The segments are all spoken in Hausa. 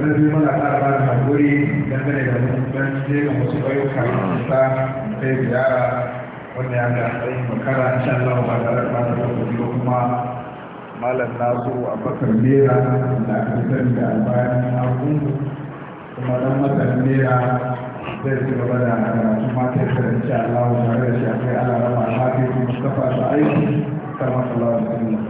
wani zai mana ƙara ba da haƙuri dangane da mutunci ga wasu ƙauyuka ta kai ziyara Wani ya ga tsayin makara insha Allah ba tare da ba da kuma malam na nasu abakar mera da aka sani da albayan agungu kuma dan matan nera, zai ci gaba da karatu mata ta insha Allah tare da shi akai alarama hafi mustafa sa'ayi kamar sallallahu da wasallam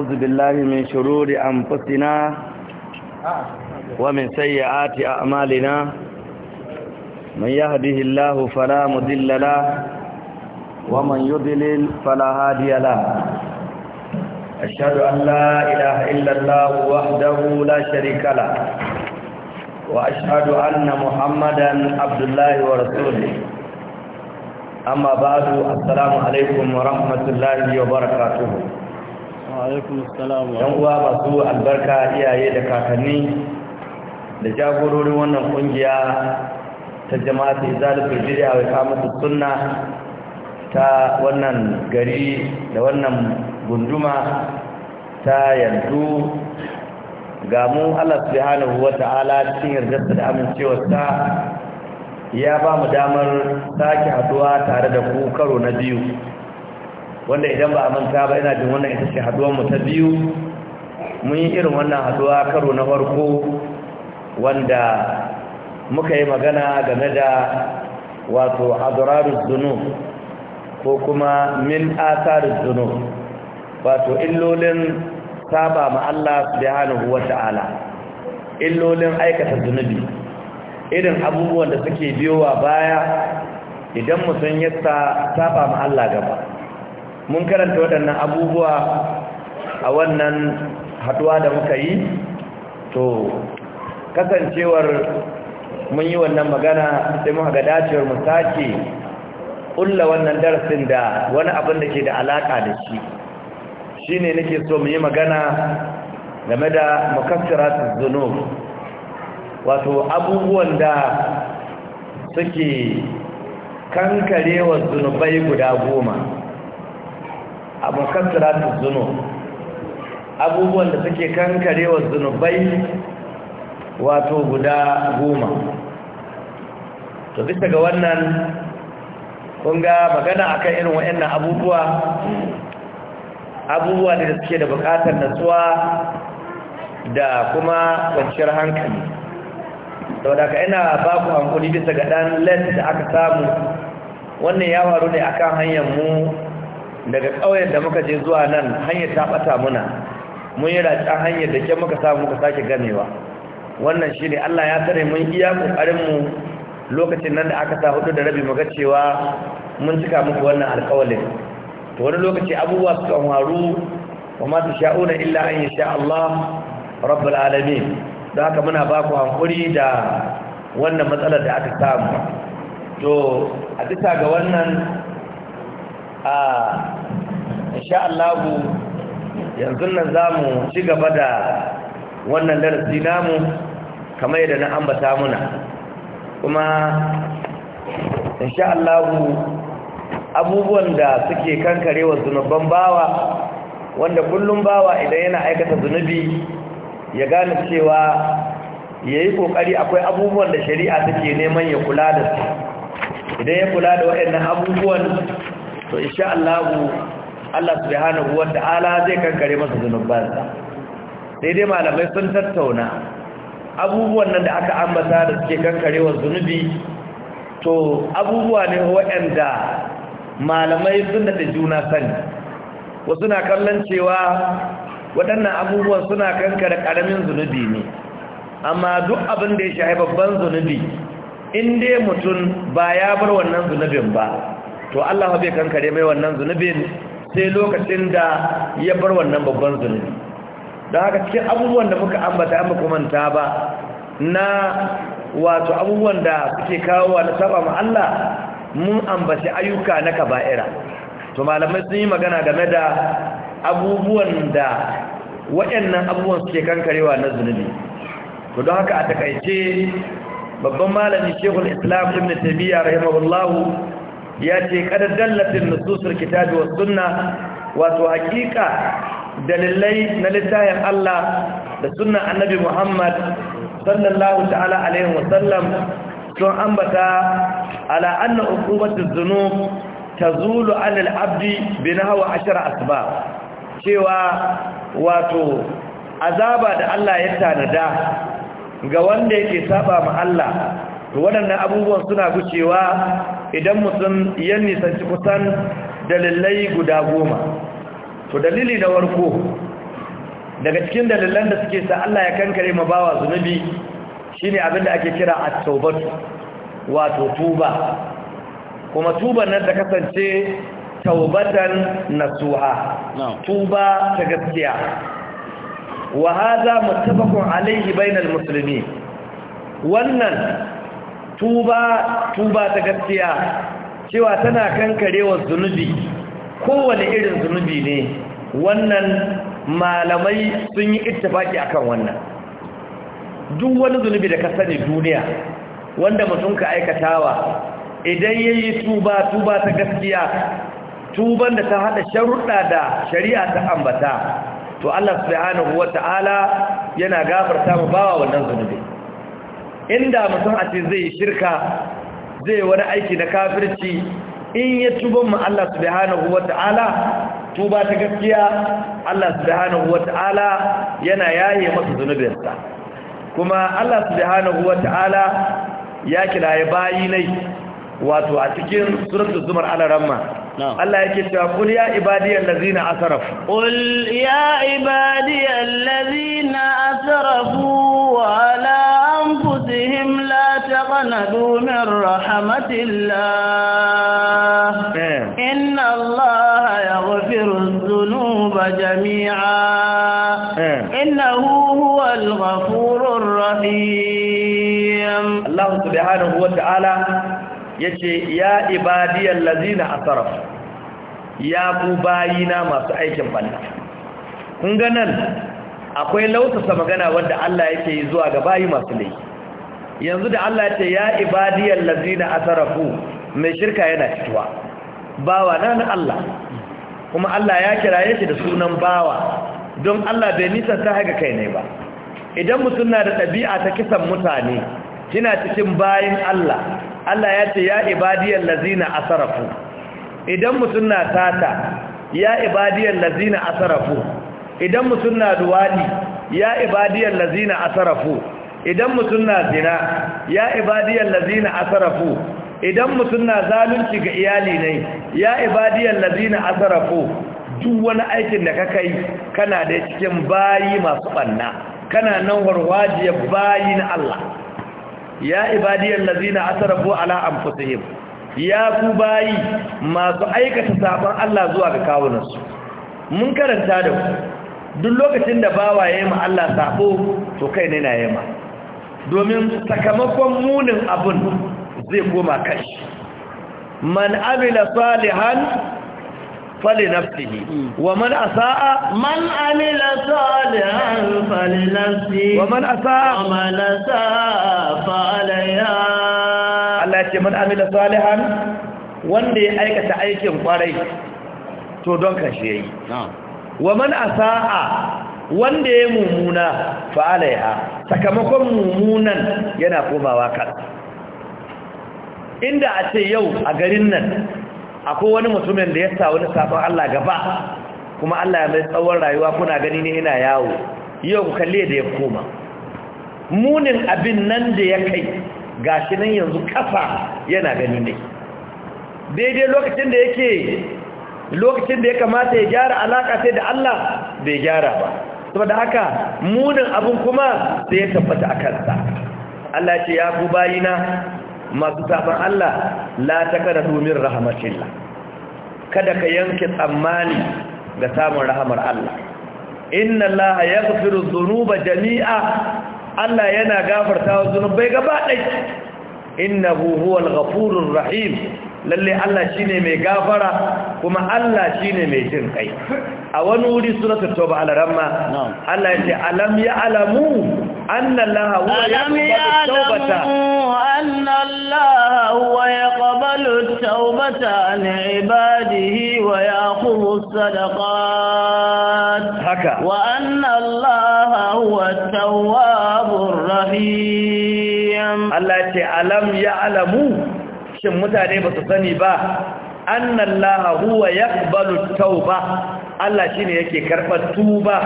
أعوذ بالله من شرور أنفسنا ومن سيئات أعمالنا من يهده الله فلا مضل له ومن يضلل فلا هادي له أشهد أن لا إله إلا الله وحده لا شريك له وأشهد أن محمدا عبد الله ورسوله أما بعد السلام عليكم ورحمة الله وبركاته yan uwa masu albarka iyaye da kakanni da jagororin wannan kungiya ta jama'a ta izalifin jiriya wai kamata sunna ta wannan gari da wannan gunduma ta yanzu ga mu Allah subhanahu wata'ala cikin yardarsa da amincewa ta ya ba mu damar sake haduwa tare da ku karo na biyu wanda idan ba a manta ba ina jin wannan ita ce haduwar ta biyu mun yi irin wannan haduwa karo na farko wanda muka yi magana game da wato adrarus dunub ko kuma min asarus wato illolin saba ma Allah subhanahu ta'ala illolin aikata zunubi irin abubuwan da suke biyowa baya idan mutum ya saba ma Allah gaba mun karanta waɗannan abubuwa a wannan haduwa da muka yi to kasancewar mun yi wannan magana sai muka ga dacewar mu sake ƙulla wannan darasin da wani abin da ke da alaƙa da shi shine nake so mu yi magana game da su zunub wato abubuwan da suke kankarewa zunubai guda goma abu kasiratu zunu abubuwan da suke kankarewa zunubai wato guda goma to bisa ga wannan kun ga magana akan irin wa'annan abubuwa abubuwa da suke da bukatar natsuwa da kuma kwanciyar hankali sau da ka ina ba ku hankuli bisa ga ɗan lens da aka samu wannan ya faru ne akan hanyar mu daga ƙauyen da muka je zuwa nan hanyar ta ɓata muna mun yi racen hanyar da ke muka samu muka sake ganewa wannan shi ne allah ya tare mun iya ƙoƙarinmu lokacin nan da aka sa hudu da rabi muka cewa mun cika muku wannan alƙawalin to wani lokaci abubuwa suka faru wa ma sha'una illa an yi sha Allah rabbul alamin don haka muna ba ku hankuri da wannan matsalar da aka samu to a bisa ga wannan a insha Allah yanzu nan zamu ci gaba da wannan darasi namu kamar yadda na ambata muna kuma insha Allah abubuwan da suke kankarewa zunuban bawa wanda kullum bawa idan yana aikata zunubi ya gane cewa yayi kokari akwai abubuwan da shari'a take neman ya kula da su idan ya kula da waɗannan abubuwan to insha Allah Allah subhanahu ta'ala zai kankare masa zunubansa sai dai malamai sun tattauna abubuwan nan da aka ambata da suke kankarewa zunubi to abubuwa ne waɗanda malamai sun da juna sani wasu na kallon cewa waɗannan abubuwan suna kankare ƙaramin zunubi ne amma duk abin da ya shahi babban zunubi in dai mutum ba ya bar wannan zunubin ba to Allah bai kankare mai wannan zunubin sai lokacin da ya bar wannan babban zunubi don haka cikin abubuwan da muka ambata an makamanta ba na wato abubuwan da suke kawo na saba ma Allah mun ambaci ayyuka na kaba'ira to malamai sun yi magana game da abubuwan da waɗannan abubuwan suke kankarewa na zunubi to don haka a takaice babban malami shehul islam ibn tabiya rahimahullahu ya ce kadar dallatin nususar kitabi wa sunna wato hakika dalilai na littafin Allah da sunnan annabi Muhammad sallallahu ta'ala alaihi wa sun ambata ala anna uqubatu dhunub tazulu 'ala al-'abdi bi nahwa 10 asbab cewa wato azaba da Allah ya tanada ga wanda yake saba ma Allah waɗannan abubuwan suna gucewa idan mutum ya nisanci kusan dalilai guda goma to dalili na warko daga cikin dalilan da suke sa Allah ya kankare ma bawa zunubi shine abin da ake kira at-taubatu wato tuba kuma tuba nan ta kasance taubatan nasuha tuba ta gaskiya wa hadha muttafaqun alayhi bainal muslimin wannan tuba tuba ta gaskiya cewa tana kankarewa zunubi kowane irin zunubi ne wannan malamai sun yi ittifaki akan wannan duk wani zunubi da ka sani duniya wanda mutum ka aikatawa idan yayi tuba tuba ta gaskiya tuban da ta hada sharuɗa da shari'a ta ambata to Allah subhanahu wata'ala yana gafarta mu bawa wannan zunubi inda mutum a ce zai shirka zai wani aiki na kafirci in ya tuban mu Allah subhanahu wata'ala tuba ta gaskiya Allah subhanahu wata'ala yana yaye masa zunubinsa kuma Allah subhanahu wata'ala ya kiraye bayi nai wato a cikin suratul zumar al-ramma Allah yake cewa qul ya ibadiyal ladina asrafu qul ya ibadiyal ladina asrafu wa la تقنطوا من رحمة الله إن الله يغفر الذنوب جميعا إنه هو الغفور الرحيم الله سبحانه وتعالى yace ya ibadiyal ladina asraf ya ku bayina masu aikin banna ga nan akwai lautasa magana wanda Allah yake yi zuwa ga bayi masu laifi yanzu da Allah ya ce ya ibadiyal ladina mai shirka yana fitowa. bawa na na Allah kuma Allah ya kiraye shi da sunan bawa don Allah bai nisa ta haga kai ne ba idan mutum na da ɗabi'a ta kisan mutane kina cikin bayan Allah Allah ya ce ya ibadiyal ladina idan mutum na tata ya lazina a asrafu idan mutum na duwani ya lazina a sarafu idan mutum na zina ya ibadiyar lazina sarrafo idan mutum na zalunci ga iyali ne ya ibadiyar lazina sarrafo duk wani aikin da ka kai kana da cikin bayi masu banna kana nan warwajiyar bayi na Allah ya ibadiyar lazina sarrafo ala anfusihim ya ku bayi masu aikata sabon Allah zuwa ga kawunansu mun karanta da ku duk lokacin da bawa ya yi ma Allah sabo to kai ne na yi ma domin sakamakon munin abin zai koma kashi man amila salihan fali nafsihi wa man asaa man amila salihan fali nafsihi wa man asaa wa man asaa fa alayha Allah ce man amila salihan wanda ya aikata aikin kwarai to don kashi yayi wa man asaa wanda ya mummuna fa'alaiha sakamakon mummunan yana komawa kan inda a ce yau a garin nan akwai wani mutumin da ya sa wani sabon Allah gaba kuma Allah ya mai tsawon rayuwa kuna gani ne yana yawo yau ku kalle da ya koma munin abin nan da ya kai gashi nan yanzu kafa yana gani ne daidai lokacin da yake lokacin da ya kamata ya gyara alaka sai da Allah bai gyara ba saboda haka munin abin kuma sai ya tabbata a kansa Allah ce ya ku bayina masu saban Allah la kada domin rahamatillah kada ka yanke tsammani ga samun rahamar Allah inna Allah firin zunuba jami'a Allah yana gafarta wa zunubai gaba ɗai innahu huwal ghafurur rahim lalle Allah shine mai gafara kuma Allah shine mai jin kai a wani wuri suratul tauba al-ramma Allah yace alam ya'lamu anna Allah huwa yaqbalu tawbata anna Allah huwa yaqbalu tawbata an ibadihi wa ya'khudhu sadaqat haka wa anna Allah huwa at-tawwabur rahim alaihim Allah ce alam ya alamu shin mutane ba su sani ba annallaha huwa yaqbalu tauba Allah shine yake karbar tuba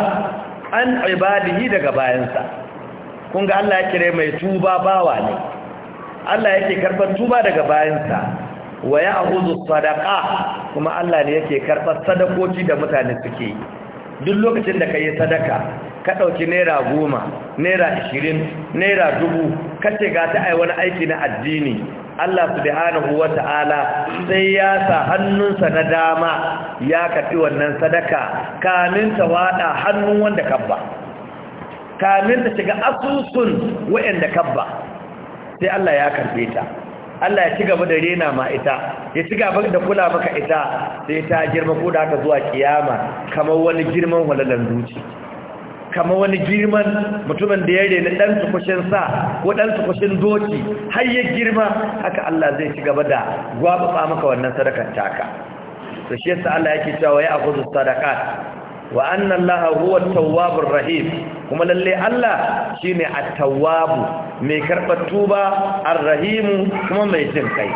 an ibadihi daga bayansa kun ga Allah ya kire mai tuba bawa ne Allah yake karbar tuba daga bayansa wa ya'khudhu sadaqa kuma Allah ne yake karbar sadakoci da mutane suke duk lokacin da kai sadaka ka ɗauki naira goma naira ashirin naira dubu ka ce ga ta ai wani aiki na addini Allah subhanahu wa ta'ala sai ya sa hannunsa na dama ya kaɗi wannan sadaka kamin ta waɗa hannun wanda kabba kamin ta shiga asusun wa'anda kabba sai Allah ya karɓe ta Allah ya ci gaba da rena ma ita ya ci gaba da kula maka ita sai ta girma ko da aka zuwa kiyama kamar wani girman walalan zuci kama wani girman mutumin da ya rena ɗan tukushin sa ko ɗan tukushin doki har ya girma haka Allah zai ci gaba da gwaɓaɓa maka wannan sadakar taka to shi yasa Allah yake cewa ya akhudhu sadaqat wa anna laha huwa at rahim kuma lalle Allah shine a tawwab mai karɓar tuba ar rahimu kuma mai jin kai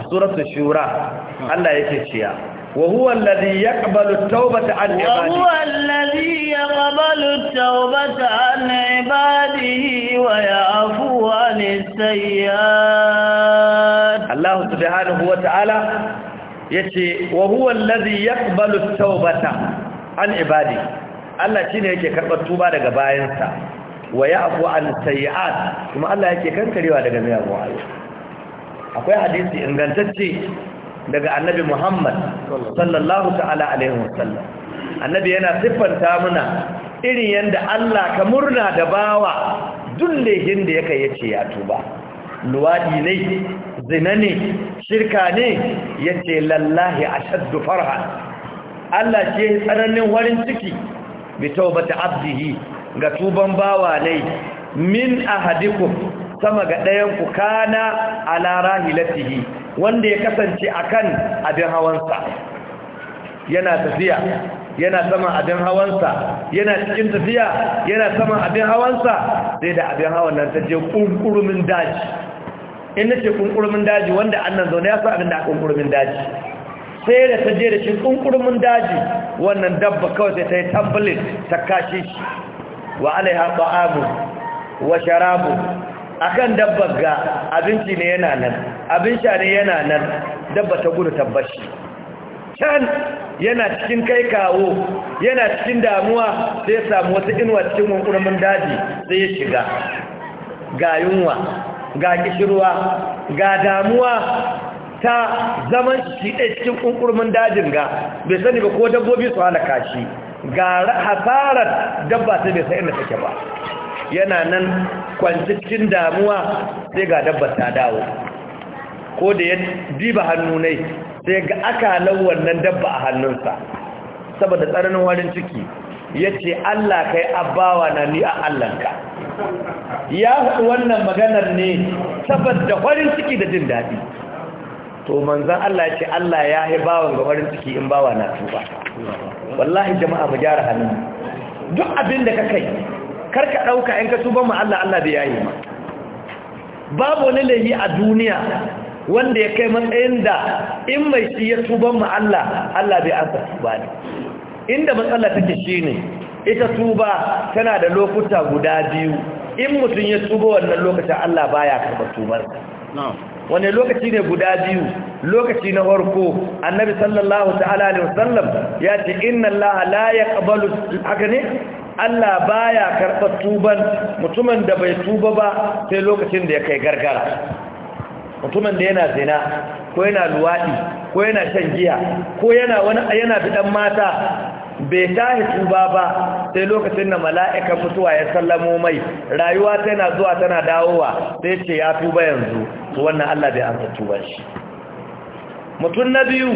a suratul shura Allah yake cewa وهو الذي يقبل التوبة عن عباده وهو الذي يقبل التوبة عن عباده ويعفو عن السيئات الله سبحانه وتعالى يتي وهو الذي يقبل التوبة عن عباده Allah shine yake karɓar tuba daga bayansa wa ya'fu an sayyi'at kuma Allah yake kankarewa daga miyagun ayyuka akwai hadisi ingantacce daga annabi Muhammad sallallahu ta'ala alaihi wasallam annabi yana siffanta muna irin yanda Allah ka murna da bawa lehin da yake yace ya tuba luwadi ne zina ne shirka ne yace lallahi ashaddu farha Allah ce tsananin warin ciki bi tawbati abdihi ga tuban bawa ne min ahadikum sama ga ɗayan ku kana ala rahilatihi wanda ya kasance akan abin hawansa yana tafiya yana saman abin hawansa yana cikin tafiya yana saman abin hawansa sai da abin hawan nan ta je kunkurumin daji in na ce kunkurumin daji wanda annan zaune ya sa abin da a kunkurumin daji sai da ta je da shi kunkurumin daji wannan dabba kawai sai ta yi tambalin ta kashe shi wa alaiha ta'amu wa sharabu akan dabba ga abinci ne yana nan abin sha ne yana nan dabba ta gudu tabbashi can yana cikin kai kawo yana cikin damuwa sai ya samu wata inuwa cikin wankurumin daji sai ya shiga ga yunwa ga kishirwa ga damuwa ta zaman shi ɗaya cikin ƙunƙurmin dajin ga bai sani ba ko dabbobi su halaka shi ga hasarar dabba sai bai sa inda take ba yana nan kwanci cikin damuwa sai ga dabba ta dawo ko da ya diba hannu ne sai ga akalan wannan dabba a hannunsa saboda tsananin warin ciki ya ce Allah kai abawa na ni a allanka. ya haɗu wannan maganar ne saboda warin ciki da jin daɗi to manzan Allah ya ce Allah ya yi bawan ga warin ciki in bawa na tuba wallahi jama'a mu gyara hannu duk abin da ka kai karka ɗauka in ka tuban ma Allah Allah da yi ma babu wani laifi a duniya wanda ya kai matsayin da in mai shi ya tuban ma Allah Allah bai ansa tuba ne inda matsala take ne ita tuba tana da lokuta guda biyu in mutum ya tuba wannan lokacin Allah baya karɓa tubar wane lokaci ne guda biyu lokaci na farko annabi sallallahu ta'ala alaihi wasallam ya ce inna allaha la yaqbalu haka ne Allah baya karɓar tuban mutumin da bai tuba ba sai lokacin da ya kai gargara mutumin da yana zina ko yana luwaɗi ko yana shan giya ko yana wani yana mata bai tahi tuba ba sai lokacin da mala'ika mutuwa ya sallamo mai rayuwa tana zuwa tana dawowa sai ce ya tuba yanzu to wannan Allah bai amsa tuban mutum na biyu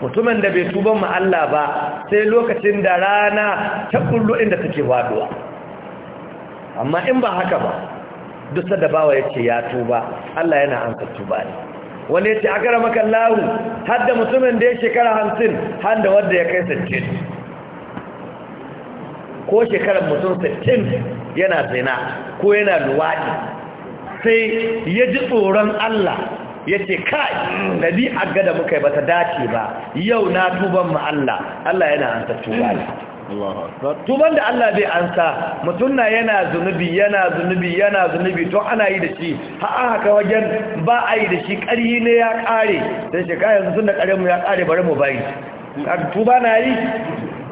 mutumin da bai tuba ma Allah ba sai lokacin da rana ta kullu inda take waduwa amma in ba haka ba duk da bawa yace ya tuba Allah yana amsa tuba ne wani yace maka Allah har da mutumin da ya shekara 50 har da wanda ya kai 60 ko shekarar mutum 60 yana zina ko yana luwadi sai ya ji tsoron Allah ya ce kai nabi agga da muka yi bata dace ba yau na tuban mu Allah Allah yana ansa tuba tuban da Allah bai ansa mutum na yana zunubi yana zunubi yana zunubi to ana yi da shi ha haka wajen ba a yi da shi ƙarhi ne ya ƙare don shi kayan sun da ƙaremu ya ƙare bari mu bari tuba na yi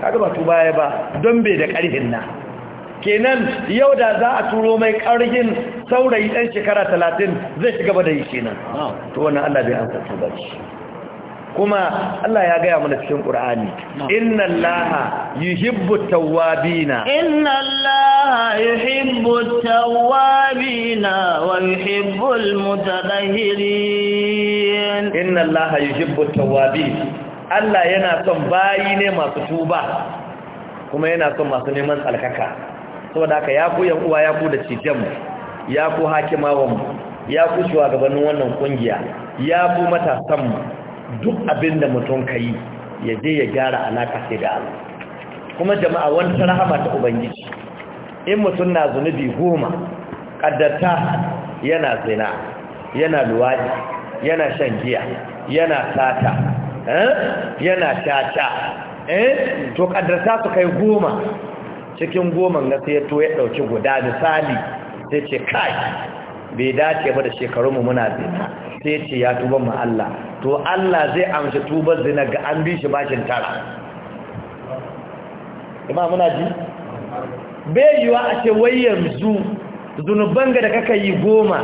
kaga ba tuba ya ba don bai da ƙarhin na kenan yau da za a turo mai ƙargin saurayi ɗan shekara talatin zai shiga ba da yi kenan to wannan Allah bai amsa su ba kuma Allah ya gaya mana cikin ƙura'ani inna allaha yuhibbu tawwabina inna allaha yuhibbu na, wa yi hibbu almutatahhirin inna yi hibbu tawwabin Allah yana son bayi ne masu tuba kuma yana son masu neman tsalkaka saboda haka ya ku yan uwa ya ku da cijanmu ya ku hakimawanmu ya ku gabanin wannan kungiya ya ku matasanmu duk abin da mutum ka yi ya je ya gyara alaka sai da Allah kuma jama'a wani rahama ta ubangiji in mutum na zunubi goma kaddarta yana zina yana luwaɗi yana shan giya yana sata eh, yana caca eh, to kaddarta su kai goma cikin goma na sai to ya ɗauki guda misali sai ce kai bai dace ba da shekarunmu muna zina sai ce ya tuba ma Allah to Allah zai amshi tubar zina ga an bi shi bashin tara ima muna ji bai yiwa a ce wai yanzu zunuban ga da kaka yi goma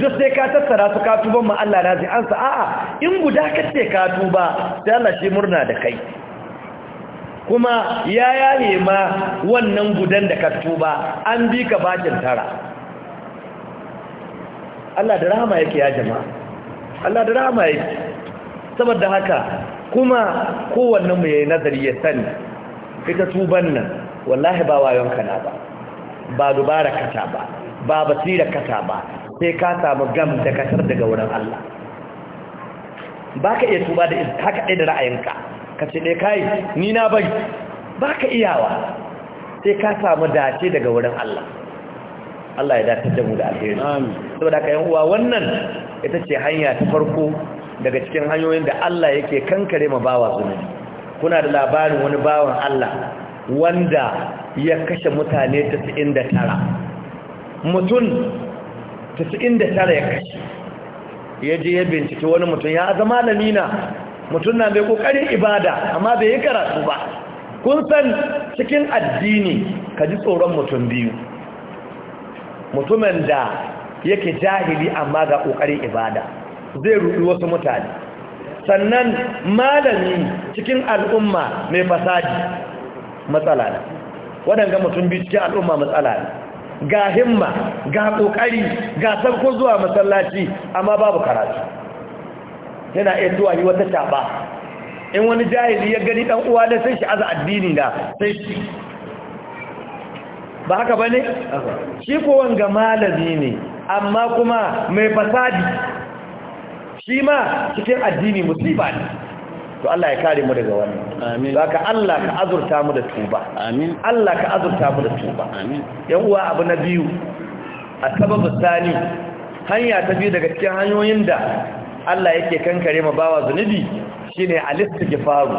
duk sai ka tattara su ka tuban ma Allah na zai an a'a in guda kace ka tuba sai Allah shi murna da kai kuma ya yaye ma wannan gudan da ka tuba an bi ka bakin tara Allah da rahama yake ya jama'a Allah da rahama yake saboda haka kuma kowanne mu yayin nazari ya sani ita tuban nan wallahi ba wayon kana ba ba dubara kata ba ba basira kata ba sai ka samu gam da kasar daga wurin Allah baka iya tuba da haka da ra'ayinka ka ce ɗaya eh, kai ni na bari ba ka iyawa sai ka samu dace daga wurin Allah Allah ya dace da mu da alheri saboda ka yi uwa wannan ita ce hanya ta farko daga cikin hanyoyin da Allah yake kankare ma bawa zunubi kuna da labarin wani bawan Allah wanda ya kashe mutane 99 mutum 99 ya kashe ya je ya binciki wani mutum ya zama lamina mutum na mai kokarin ibada amma bai yi karatu ba kun san cikin addini ka ji tsoron mutum biyu mutumin da yake jahili amma ga kokarin ibada zai rubi wasu mutane sannan malami cikin al'umma mai fasadi matsala ne waɗanda mutum biyu cikin al'umma matsala ne ga himma ga kokari ga sarko zuwa masallaci amma babu karatu yana iya zuwa yi wata shaba in wani jahili ya gani dan uwa da sai shi aza addini da sai shi ba haka bane shi ko wanga malami ne amma kuma mai fasadi shi ma cikin addini musiba ne to Allah ya kare mu daga wannan amin haka Allah ka azurta mu da tuba amin Allah ka azurta mu da tuba amin yan uwa abu na biyu a sababu sani hanya ta biyu daga cikin hanyoyin da Allah yake kankare ma bawa zunubi shine al-istighfaru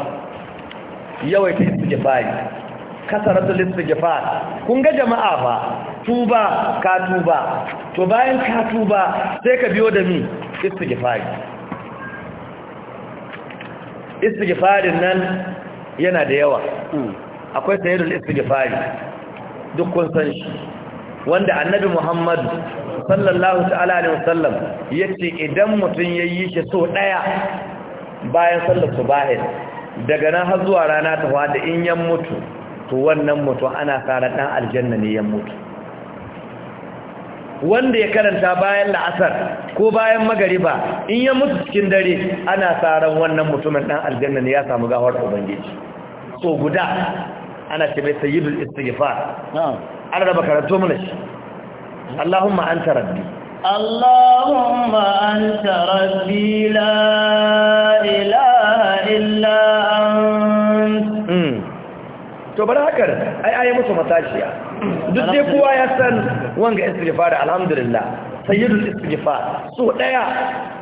yawaita kasaratu kasaratul istighfar kun ga jama'a fa tuba ka tuba to bayan ka tuba sai ka biyo da mi istighfari istighfarin nan yana da yawa akwai sayyidul istighfari duk kun san shi wanda annabi Muhammad sallallahu ta'ala alaihi wasallam yace idan mutun yayi shi so daya bayan sallar bahir daga nan har zuwa rana ta da in yan mutu to wannan mutu ana fara dan aljanna ne yan mutu wanda ya karanta bayan la'asar ko bayan magariba in ya mutu cikin dare ana tsaron wannan mutumin dan aljanna ne ya samu gawar ubangiji so guda ana ce mai sayyidul istighfar an raba karanto mana shi Allahumma anta rabbi Allahumma anta rabbi la ilaha illa ant hmm. to bari hakar ai ai musu matashiya duk dai kowa ya san wanga istighfar alhamdulillah sayyidul istighfar so daya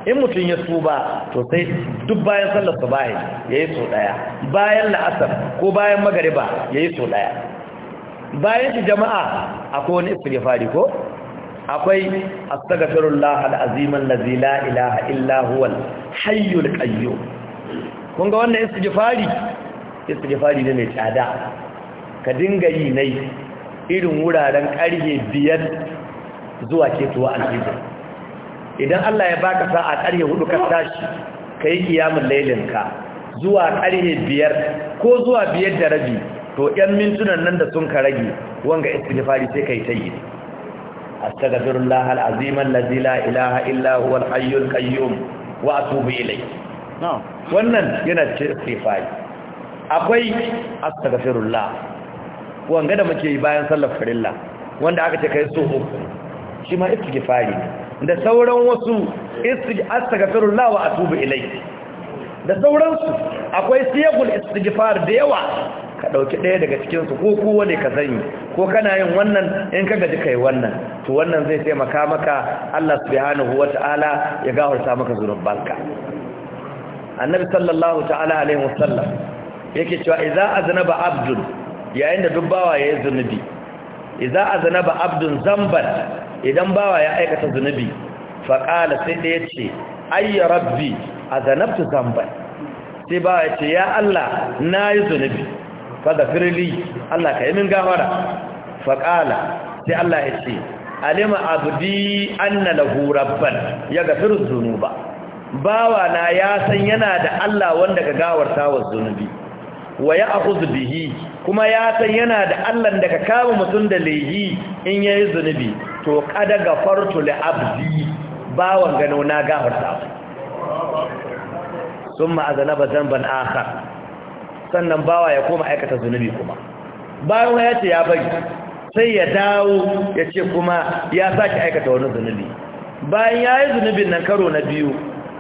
in mutun ya tuba to sai duk bayan sallar subahi yayi so daya bayan la'asar ko bayan magriba yayi so daya bayan jama'a akwai wani istighfari ko akwai astagfirullah alazim allazi la ilaha illa huwal hayyul qayyum kun ga wannan istighfari istighfari ne mai tsada ka dinga yi nai irin wuraren karhe biyar zuwa tuwa alfijir idan Allah ya baka sa'a karhe hudu ka tashi kai kiyamul ka zuwa karhe biyar ko zuwa biyar da rabi to 'yan mintunan nan da sun ka rage wanga istighfari sai kai tayi أستغفر الله العظيم الذي لا إله إلا هو الحي القيوم وأتوب إليه wannan yana istighfari akwai astaghfirullah wanga da muke yi bayan sallar farilla wanda aka ce kai so uku shi ma istighfari da sauran wasu astaghfirullah wa atubu ilayhi da sauransu akwai siyagul istighfar da yawa ka ɗauki ɗaya daga cikinsu ko kowa ne ka sani ko kana yin wannan in ka gaji kai wannan to wannan zai taimaka maka Allah subhanahu wata'ala ya gafarta maka zunubanka annabi sallallahu ta'ala alaihi wasallam yake cewa idza aznaba abdun yayin da duk bawa yayin zunubi idza aznaba abdun zamban idan bawa ya aikata zunubi Faƙala sai da yace ayya rabbi azanabtu zamban sai ba ya ce ya Allah na yi zunubi fada firli Allah ka yi min gafara faƙala sai Allah ya ce alima abdi anna lahu rabban ya gafiru zunuba bawa na ya san yana da Allah wanda ka gawarta wa zunubi wa ya akhudhu bihi kuma ya san yana da Allah da ka kama mutum da lehi in yayi zunubi to kada gafartu li abdi bawan gano na gafarta sun ma'azana ba zamban akar sannan bawa ya koma aikata zunubi kuma bayan ya ce ya bari sai ya dawo ya ce kuma ya sake aikata wani zunubi bayan ya yi zunubin nan karo na biyu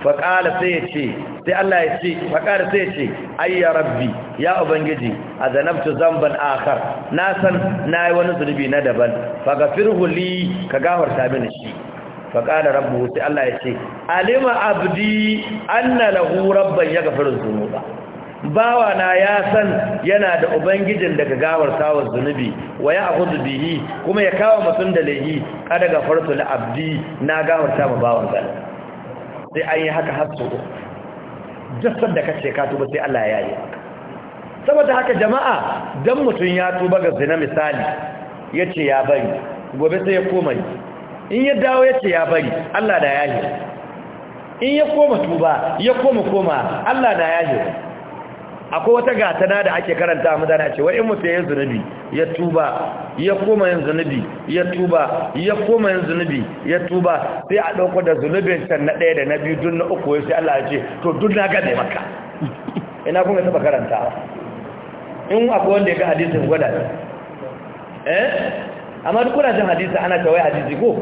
faƙala sai ya ce sai Allah ya ce faƙala sai ya ce ayya rabbi ya ubangiji a zanabtu zamban akar na san na yi wani zunubi na daban faghfir huli ka gafarta mini shi faƙala rabbu sai Allah ya ce alima abdi anna lahu rabban yaghfiru dhunuba bawa na ya san yana da ubangijin daga gawar tawar zunubi wa ya akhudhu bihi kuma ya kawo mutum da a daga gafartu na abdi na gawar ta ma bawan zan sai an yi haka har so jasar da kace ka tuba sai Allah ya yi saboda haka jama'a dan mutum ya tuba ga zina misali ya ce ya bari gobe sai ya koma in ya dawo ya ce ya bari Allah da ya yi in ya koma tuba ya koma koma Allah da ya yi akwai wata gatana da ake karanta a madana cewa in mutum ya zunubi ya tuba ya koma yin zunubi ya tuba ya koma yin zunubi ya tuba sai a ɗauko da zunubin can na ɗaya da na biyu dun na uku sai Allah ya ce to dun na gaɗe maka ina kuma taɓa karanta in akwai wanda ya ga hadisin gwada eh amma duk kuna jin hadisi ana tawaye hadisi ko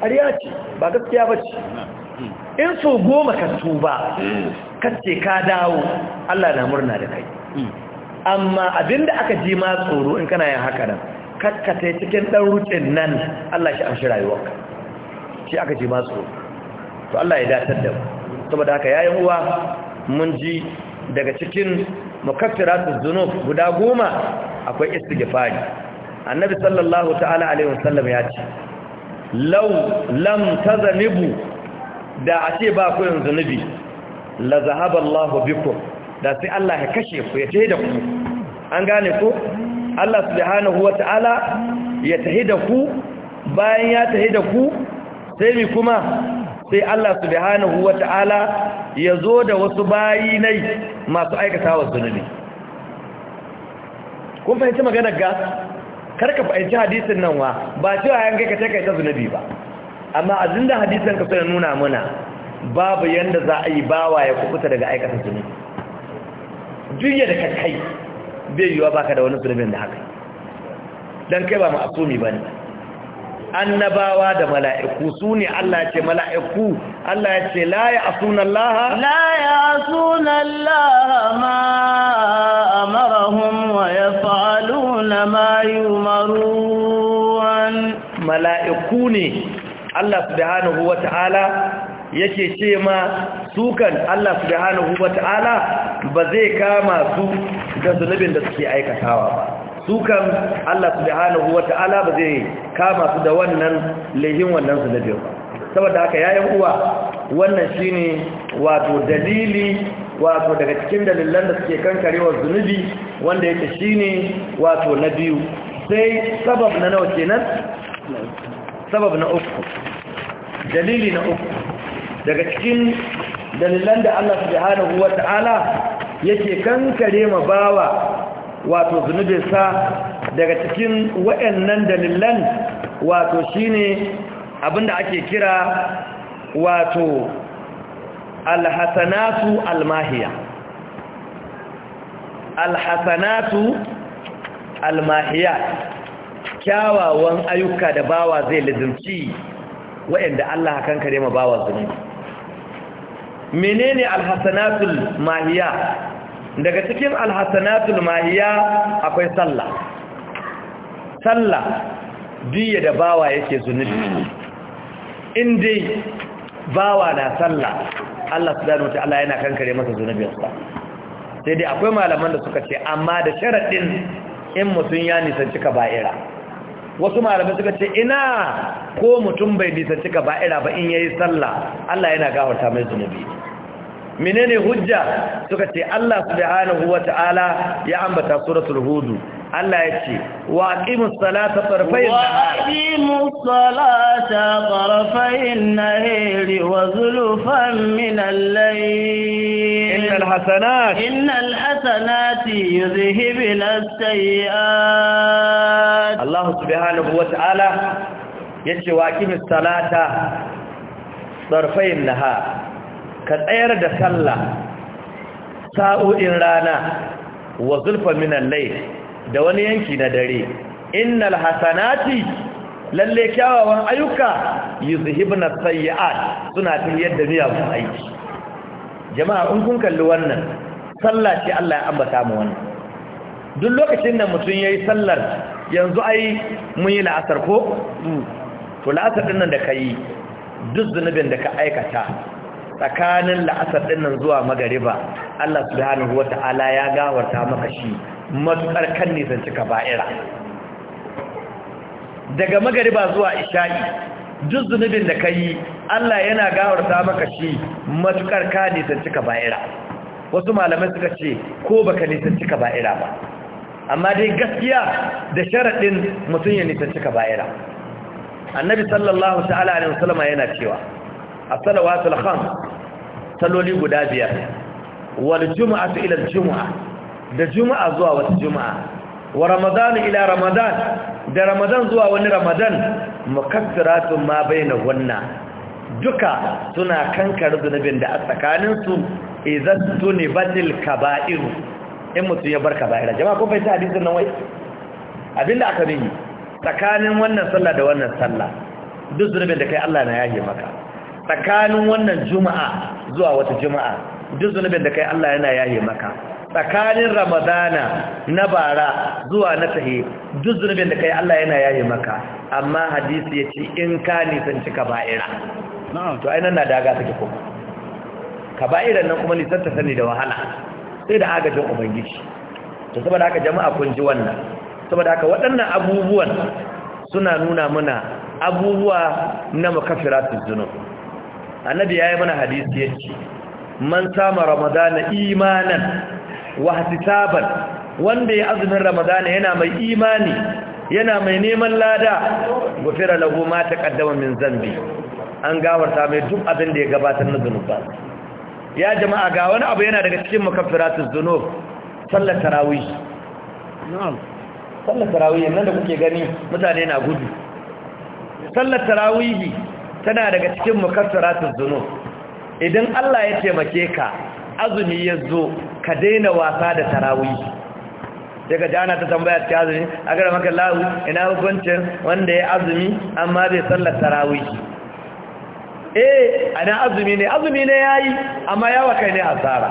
har ya ce ba gaskiya ba ce in so goma ka tuba kace ka dawo Allah na murna da kai amma abinda aka ji ma tsoro in kana yin haka nan kakkata cikin dan rutsin nan Allah shi an shi rayuwarka shi aka ji ma tsoro to Allah ya datar da mu saboda haka yayin uwa mun ji daga cikin mukaffiratu zunub guda goma akwai istighfari annabi sallallahu ta'ala alaihi wasallam ya ce law lam tazanibu da a ce ba ku yanzu nabi la zahaba bikum da sai Allah ya kashe ku ya tahi ku an gane ku Allah subhanahu wata'ala ya tahi ku bayan ya tahida ku sai mi kuma sai Allah subhanahu wata'ala ya zo da wasu bayi nai masu aikata wasu zunubi kun fahimci magana ga karka fahimci hadisin nan wa ba cewa yan kai ka take ta zunubi ba amma abin da hadisan ka sai nuna muna babu yanda za a yi bawa ya kubuta daga aikata zunubi duniya da ka kai bai yiwa baka da wani zunubin da haka dan kai ba ma'asumi bane annabawa da mala'iku su ne Allah ya ce mala'iku Allah ya ce la ya asuna laha? la ya asuna Allah ma amarahum wa yaf'aluna ma yumarun mala'iku ne Allah subhanahu ta'ala, yake ce ma sukan Allah subhanahu wata'ala ba zai kama su da zunubin da suke aikatawa ba sukan Allah subhanahu wata'ala ba zai kama su da wannan lehin wannan zunubin ba. saboda haka yayin uwa wannan shine wato dalili wato daga cikin dalilan da suke kankarewar zunubi wanda yake shine wato na biyu sai sabab na nawa kenan sabab na uku dalili na uku daga cikin dalilan da Allah subhanahu wa ta'ala yake kankare ma bawa wato zunubinsa daga cikin wa'annan dalilan wato shine abinda ake kira wato alhasanatu almahiya alhasanatu almahiya kyawawan ayyuka da bawa zai lazimci waɗanda Allah kan kare ma bawa zunubi menene alhasanatul mahiya daga cikin alhasanatul mahiya akwai sallah sallah diya da bawa yake zunubi in dai bawa na sallah Allah subhanahu wataala yana kankare masa zunubinsa sai dai akwai malaman da suka ce amma da sharadin in mutum ya nisanci kaba'ira wasu malamai suka ce ina ko mutum bai ba ira ba in yayi sallah Allah yana gafarta mai zunubi menene hujja suka ce Allah subhanahu wata'ala ya ambata suratul hud Allah ya ce wa aqimus salata tarfayn nahar wa aqimus salata tarfayn nahari wa zulfan min al-layl innal hasanat innal hasanati yuzhibna as-sayyi'at Allah subhanahu wa ta'ala yace wa aqimus salata tarfayn nahar ka tsayar da sallah sa'o'in rana wa zulfa min al-layl da wani yanki na dare innal hasanati lalle kyawawan ayyuka yuzhibna sayyi'at suna yadda da miyagun aiki jama'a in kun kalli wannan sallah ce Allah ya ambata mu wannan duk lokacin da mutum yayi sallar yanzu ai mun yi la'asar ko to la'asar dinnan da kai duk zunubin da ka aikata tsakanin la'asar dinnan zuwa magariba Allah subhanahu wata'ala ya gawarta maka shi matuƙar kan nisan cika kaba'ira daga magariba zuwa isha'i duk zunubin da ka yi Allah yana gawarta maka shi matuƙar ka cika kaba'ira wasu malamai suka ce ko baka cika ba'ira ba amma dai gaskiya da sharaɗin mutum ya nisan cika kaba'ira annabi sallallahu ta'ala alaihi yana cewa a salawatul saloli guda biyar wal jumu'atu ila al-jumu'ah da juma'a zuwa wata juma'a wa ramadan ila ramadan da ramadan zuwa wani ramadan mukaffiratun ma baina wanna duka suna kankar zunubin da a tsakanin su idan batil kaba'iru in mutum ya bar kaba'ira jama'a kun fahimta hadisin nan wai abinda aka bi tsakanin wannan sallah da wannan sallah duk zunubin da kai Allah na yahe maka tsakanin wannan juma'a zuwa wata juma'a duk zunubin da kai Allah yana yahe maka tsakanin ramadana na bara zuwa na tahe duk zunubin da kai Allah yana yaye maka amma hadisi ya ce in ka nisan nisanci ba'ira to ainihin na daga take kuma ba'iran nan kuma nisan ta sani da wahala sai da agajin ubangiji to saboda haka jama'a kun ji wannan saboda haka waɗannan abubuwan suna nuna mana abubuwa na makafiratu zunub annabi yayi mana hadisi ya ci. man sama ramadana imanan wa hatisaban wanda ya azumin ramadana yana mai imani yana mai neman lada gufira lahu ma taqaddama min zambi an gawarta mai duk abin da ya gabatar na zunuba ya jama'a ga wani abu yana daga cikin mukaffiratuz zunub sallar tarawih na'am sallar tarawih nan da kuke gani mutane na gudu sallar tarawih tana daga cikin mukaffiratuz zunub idan Allah ya taimake ka azumi ya zo ka daina wasa da tarawi daga jana ta tambaya ta azumi a gara maka lahu ina hukuncin wanda ya azumi amma bai sallar tarawi eh ana azumi ne azumi ne yayi amma yawa kai ne asara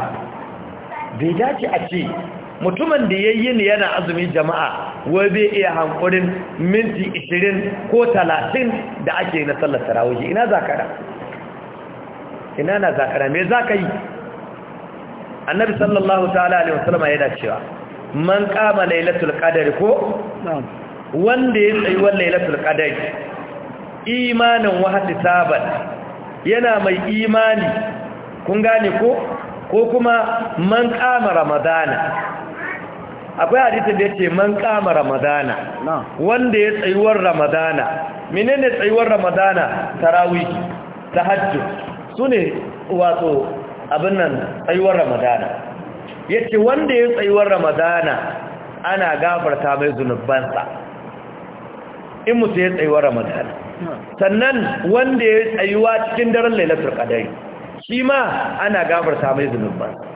bai dace a ce mutumin da yayi ne yana azumi jama'a wai bai iya hankurin minti 20 ko 30 da ake na sallar tarawi ina zakara ina na zakara me ka yi annabi sallallahu ta'ala alaihi wasallam yana cewa man kama lailatul qadr ko wanda ya tsayi wannan lailatul qadr imanin wa hisaban yana mai imani kun gane ko ko kuma man kama ramadana akwai hadisin da yake man kama ramadana wanda ya tsayuwar ramadana menene tsayuwar ramadana tarawih tahajjud sune wato abin nan tsayuwar ramadana ya ce wanda ya tsayuwar ramadana ana gafarta mai zunubansa in mu sai tsayuwar ramadana sannan wanda ya tsayuwa cikin daren lailatul qadari shi ma ana gafarta mai zunubansa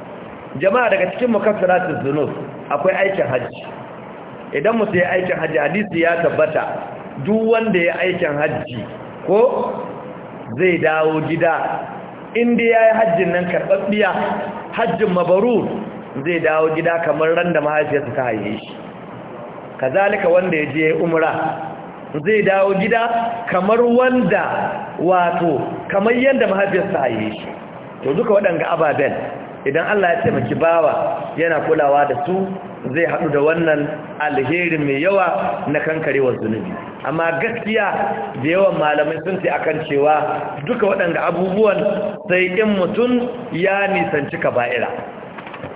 jama'a daga cikin makassaratul zunub akwai aikin hajji idan mu sai aikin hajji hadisi ya tabbata duk wanda ya aikin hajji ko zai dawo gida inda ya yi hajjin nan karɓaɓɓiya hajjin mabaru zai dawo gida kamar ran da mahaifiyarsa ta haife shi kazalika wanda ya je umra zai dawo gida kamar wanda wato kamar yadda mahaifiyarsa haife shi to duka waɗanga ababen idan Allah ya taimaki bawa yana kulawa da su zai haɗu da wannan alheri mai yawa na kankarewar zunubi amma gaskiya da yawan malamai sun ce akan cewa duka waɗanda abubuwan sai in mutum ya nisanci ba'ira.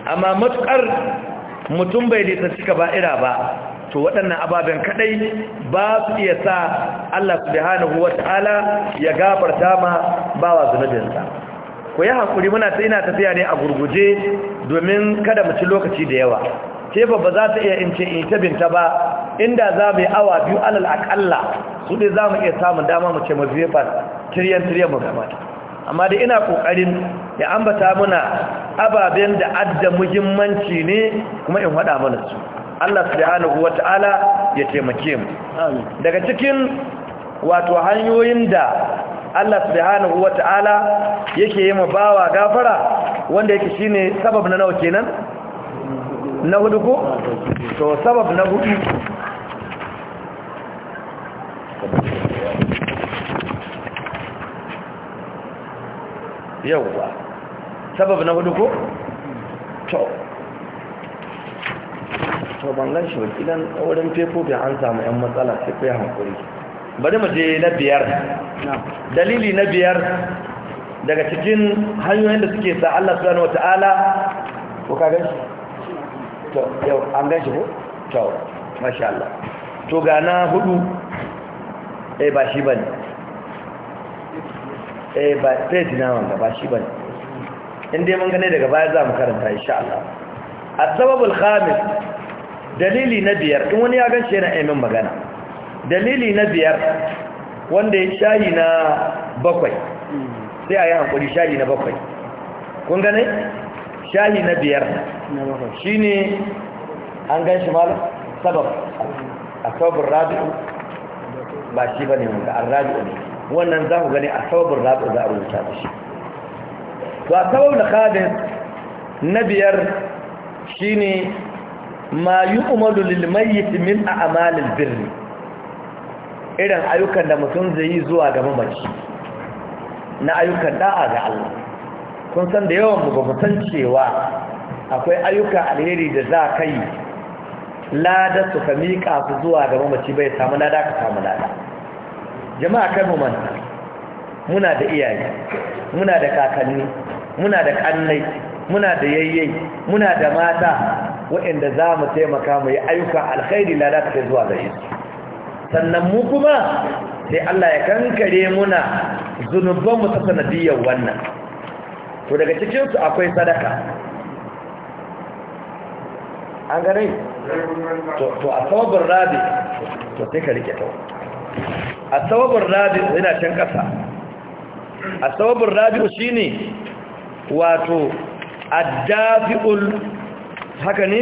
amma matuƙar mutum bai nisanci ba'ira ba to waɗannan ababen kaɗai ba su iya sa Allah subhanahu ta'ala ya gafarta ma bawa zunubinsa ku yi haƙuri muna ta ina tafiya ne a gurguje domin kada mu ci lokaci da yawa ce ba za ta iya in ce in ta binta ba inda za mu yi awa biyu alal akalla su ne za mu iya samun dama mu ce mu biye fa tiryan tiriyan amma da ina kokarin ya ambata muna ababen da adda muhimmanci ne kuma in haɗa mana su Allah subhanahu wata'ala ya taimake mu daga cikin wato hanyoyin da Allah subhanahu wata'ala yake yi mu bawa gafara wanda yake shine sabab na nawa kenan na hudu ko to sabab na hudu yawa sabab na hudu ko to to bangan shi wakilan wurin fefo bai an samu yan matsala sai kai hankuri bari mu je na biyar dalili na biyar daga cikin hanyoyin da suke sa Allah subhanahu wataala ko ka ganshi to yau an gan shi ko to masha Allah to ga na hudu eh ba shi bane eh ba sai tunawa ba shi bane in dai mun gane daga baya za mu karanta insha Allah asbabul khamis dalili na biyar in wani ya ganshi yana aimin magana dalili na biyar wanda ya shayi na bakwai sai a yi hankuli shayi na bakwai kun gane shahi na biyar shi ne an gan shi mara sabab a sabbin rabi'u ba shi ba ne wanda an rabi'u ne wannan za ku gani a sabbin rabi'u za a rubuta da shi to a da kadin na biyar shi ne ma yi umaru lilmayyit min a amalin birni irin ayyukan da mutum zai yi zuwa ga mamaci na ayyukan da'a ga Allah kun san da yawan mu ba san cewa akwai ayyuka alheri da za ka yi lada su ka miƙa su zuwa ga mamaci bai samu lada ka samu lada jama'a kan mu manta muna da iyaye muna da kakanni muna da kannai muna da yayyai muna da mata waɗanda za mu taimaka mu yi ayyukan alkhairi lada ta zuwa ga shi sannan mu kuma sai Allah ya kankare muna zunubanmu ta sanadiyar wannan to daga cikinsu akwai sadaka an gane to a sababin rabi to sai ka rike tau a sababin rabi yana can ƙasa a sababin rabi shi ne wato Adafi'ul haka ne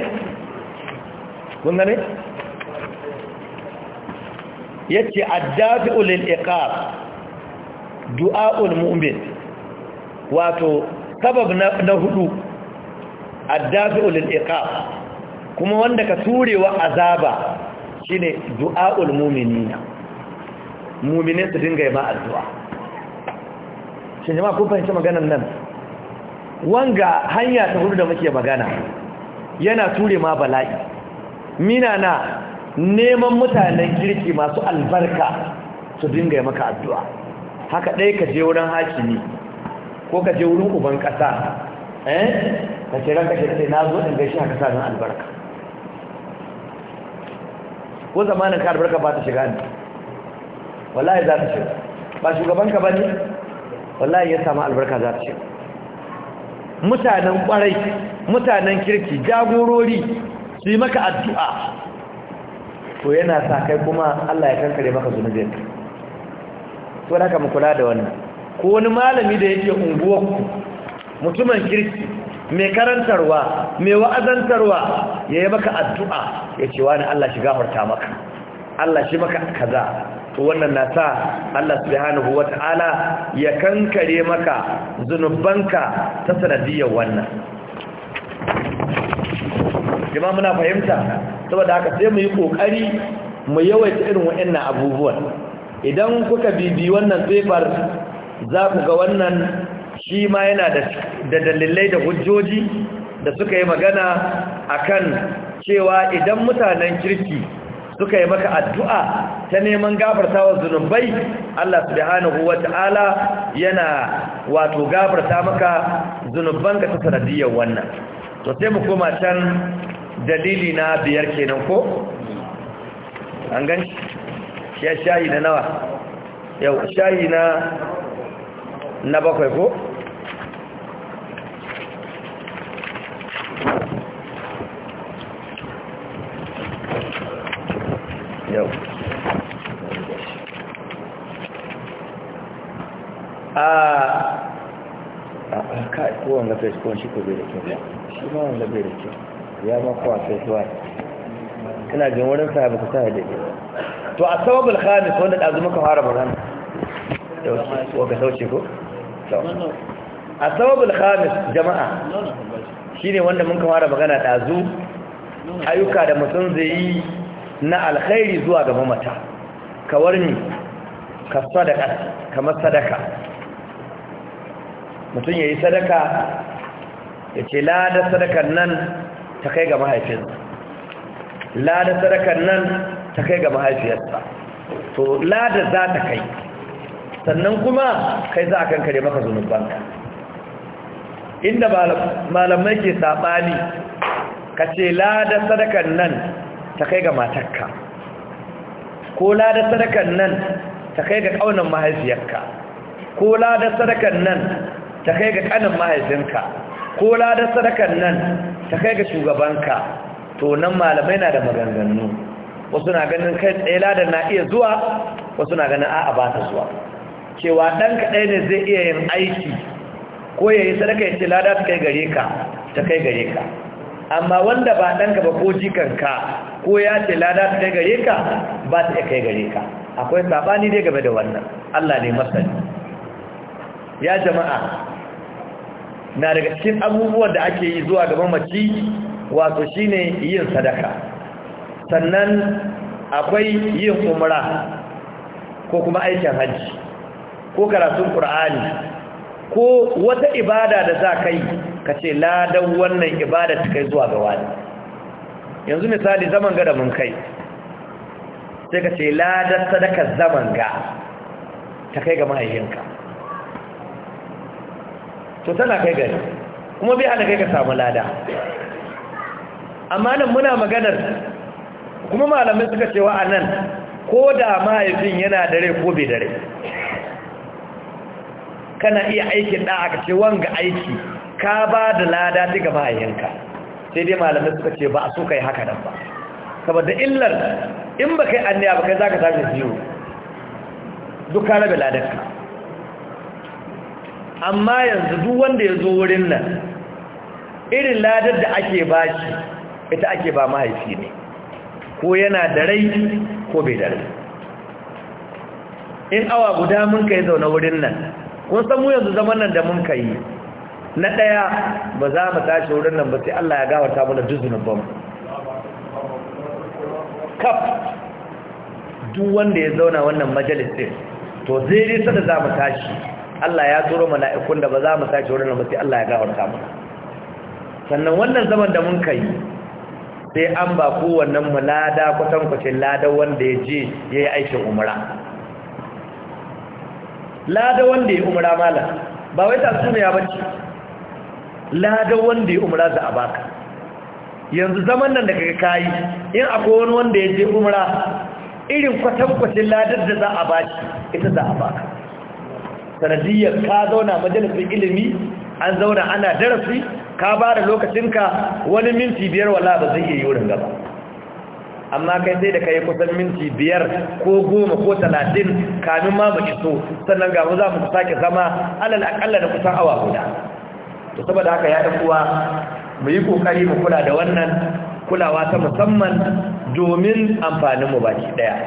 kun gane yace addafi'ul iqab du'a'ul mu'min wato sabab na hudu addafi'ul iqab kuma wanda ka turewa azaba shine du'aul mu'minina mu'mine su dinga yi ma addu'a shin jama'a kun fahimci maganar nan wanga hanya ta hudu da muke magana yana ture ma bala'i mina na neman mutanen kirki masu albarka su dinga yi maka addu'a haka ɗaya ka je wurin hakimi ko ka je wurin uban ƙasa eh ka ce ranka shi na zo in gaishe ka sa don albarka ko zamanin ka albarka ba ta shiga ne wallahi za ta shiga ba shugaban ba ne wallahi ya samu albarka za ta shiga mutanen kwarai mutanen kirki jagorori su yi maka addu'a to yana sa kai kuma Allah ya kankare maka zunubin to da haka mu kula da wannan ko wani malami da yake unguwarku mutumin kirki mai karantarwa mai wa'azantarwa ya yi maka addu'a ya ce wani Allah shi gafarta maka Allah shi maka kaza to wannan na sa Allah subhanahu wata'ala ya kankare maka zunubanka ta sanadiyar wannan jama muna fahimta saboda haka sai mu yi kokari mu yawaita irin waɗannan abubuwan idan kuka bibi wannan tsefar za ku ga wannan shi ma yana da dalilai da hujjoji da suka yi magana a kan cewa idan mutanen kirki suka yi maka addu'a ta neman gafartawa zunubai Allah subhanahu wa ta'ala yana wato gafarta maka zunubanka ta sanadiyar wannan to sai mu koma can dalili na biyar kenan ko an gan shi. shayi na nawa yau shayi na na bakwai ko yau a ah. ah, kai kowane facebook shi ko bai da kyau shi ma wanda bai da kyau ya ma kowa facebook ina jin wurin sa ba ka sa da to a sababul khamis wanda da muka fara magana yau ko ka sauce ko a sababin khamis jama'a shi ne wanda mun kamara magana zu ayyuka da mutum zai yi na alkhairi zuwa ga mamata kawar ni ka sadaka kamar sadaka mutum ya yi sadaka ya ce lada sadakan nan ta kai ga mahaifinsa lada sadakan nan ta kai ga mahaifiyarsa to lada za ta kai sannan kuma kai za a kankare maka zunubanka inda malamai ke saɓani ka ce lada sadakan nan ta kai ga matakka ko lada sadakan nan ta kai ga ƙaunar mahaifiyarka ko lada sadakan nan ta kai ga ƙanin mahaifinka ko lada sadakan nan ta kai ga shugabanka to nan malamai na da maganganu wasu na ganin kai tsaye ladar na iya zuwa wasu na ganin a'a ba ta zuwa cewa ɗanka ɗaya ne zai iya yin aiki ko ya yi sadaka ya ce lada ta kai gare ka ta kai gare ka amma wanda ba ɗanka ba ko jikanka ko ya ce lada ta kai gare ka ba ta kai gare ka akwai saɓani dai game da wannan Allah ne masani ya jama'a na daga cikin abubuwan da ake yi zuwa gaban mace wato shine yin sadaka sannan akwai yin umra ko kuma aikin hajji ko karatun ƙur'ani ko wata ibada da za ka yi ka ce ladan wannan ibada ta kai zuwa ga wani yanzu misali zaman ga da mun kai sai ka ce ladan sadaka zaman ga ta kai ga mahaifinka to tana kai gari kuma bai hana kai ka samu lada amma nan muna maganar kuma malamai suka cewa a nan ko da mahaifin yana dare ko bai dare kana iya aikin da aka ce wanga aiki ka ba da lada ta ga sai dai malamai suka ce ba a so kai haka nan ba saboda illar in ba kai annaya ba kai za ka tashi biyu duk ka rabe ladarka amma yanzu duk wanda ya zo wurin nan irin ladar da ake ba shi ita ake ba mahaifi ne ko yana da rai ko bai da rai in awa guda mun kai zaune wurin nan ko san mu yanzu zaman nan da mun kai na daya ba za mu tashi wurin nan ba sai Allah ya gawarta mana duzunan ba kaf duk wanda ya zauna wannan majalis din to zai risa da za mu tashi Allah ya tsoro mala'ikun da ba za mu tashi wurin nan ba sai Allah ya gawarta mana sannan wannan zaman da mun kai sai an ba kowannen mu lada kwatankwacin ladan wanda ya je ya yi aikin umara lada wanda ya umura mala ba wai ta suna ya bace lada wanda ya umura za a baka yanzu zaman nan da kaga kayi in akwai wani wanda ya je umra irin kwatankwacin ladar da za a baki ita za a baka sanadiyar ka zauna majalisar ilimi an zauna ana darasi ka ba da lokacinka wani minti biyar wala ba zai iya yi wurin gaba amma kai sai da kai kusan minti biyar ko goma ko talatin kamin ma mu iso sannan ga za mu sake zama alal akalla da kusan awa guda to saboda haka ya uwa mu yi kokari mu kula da wannan kulawa ta musamman domin amfanin mu baki daya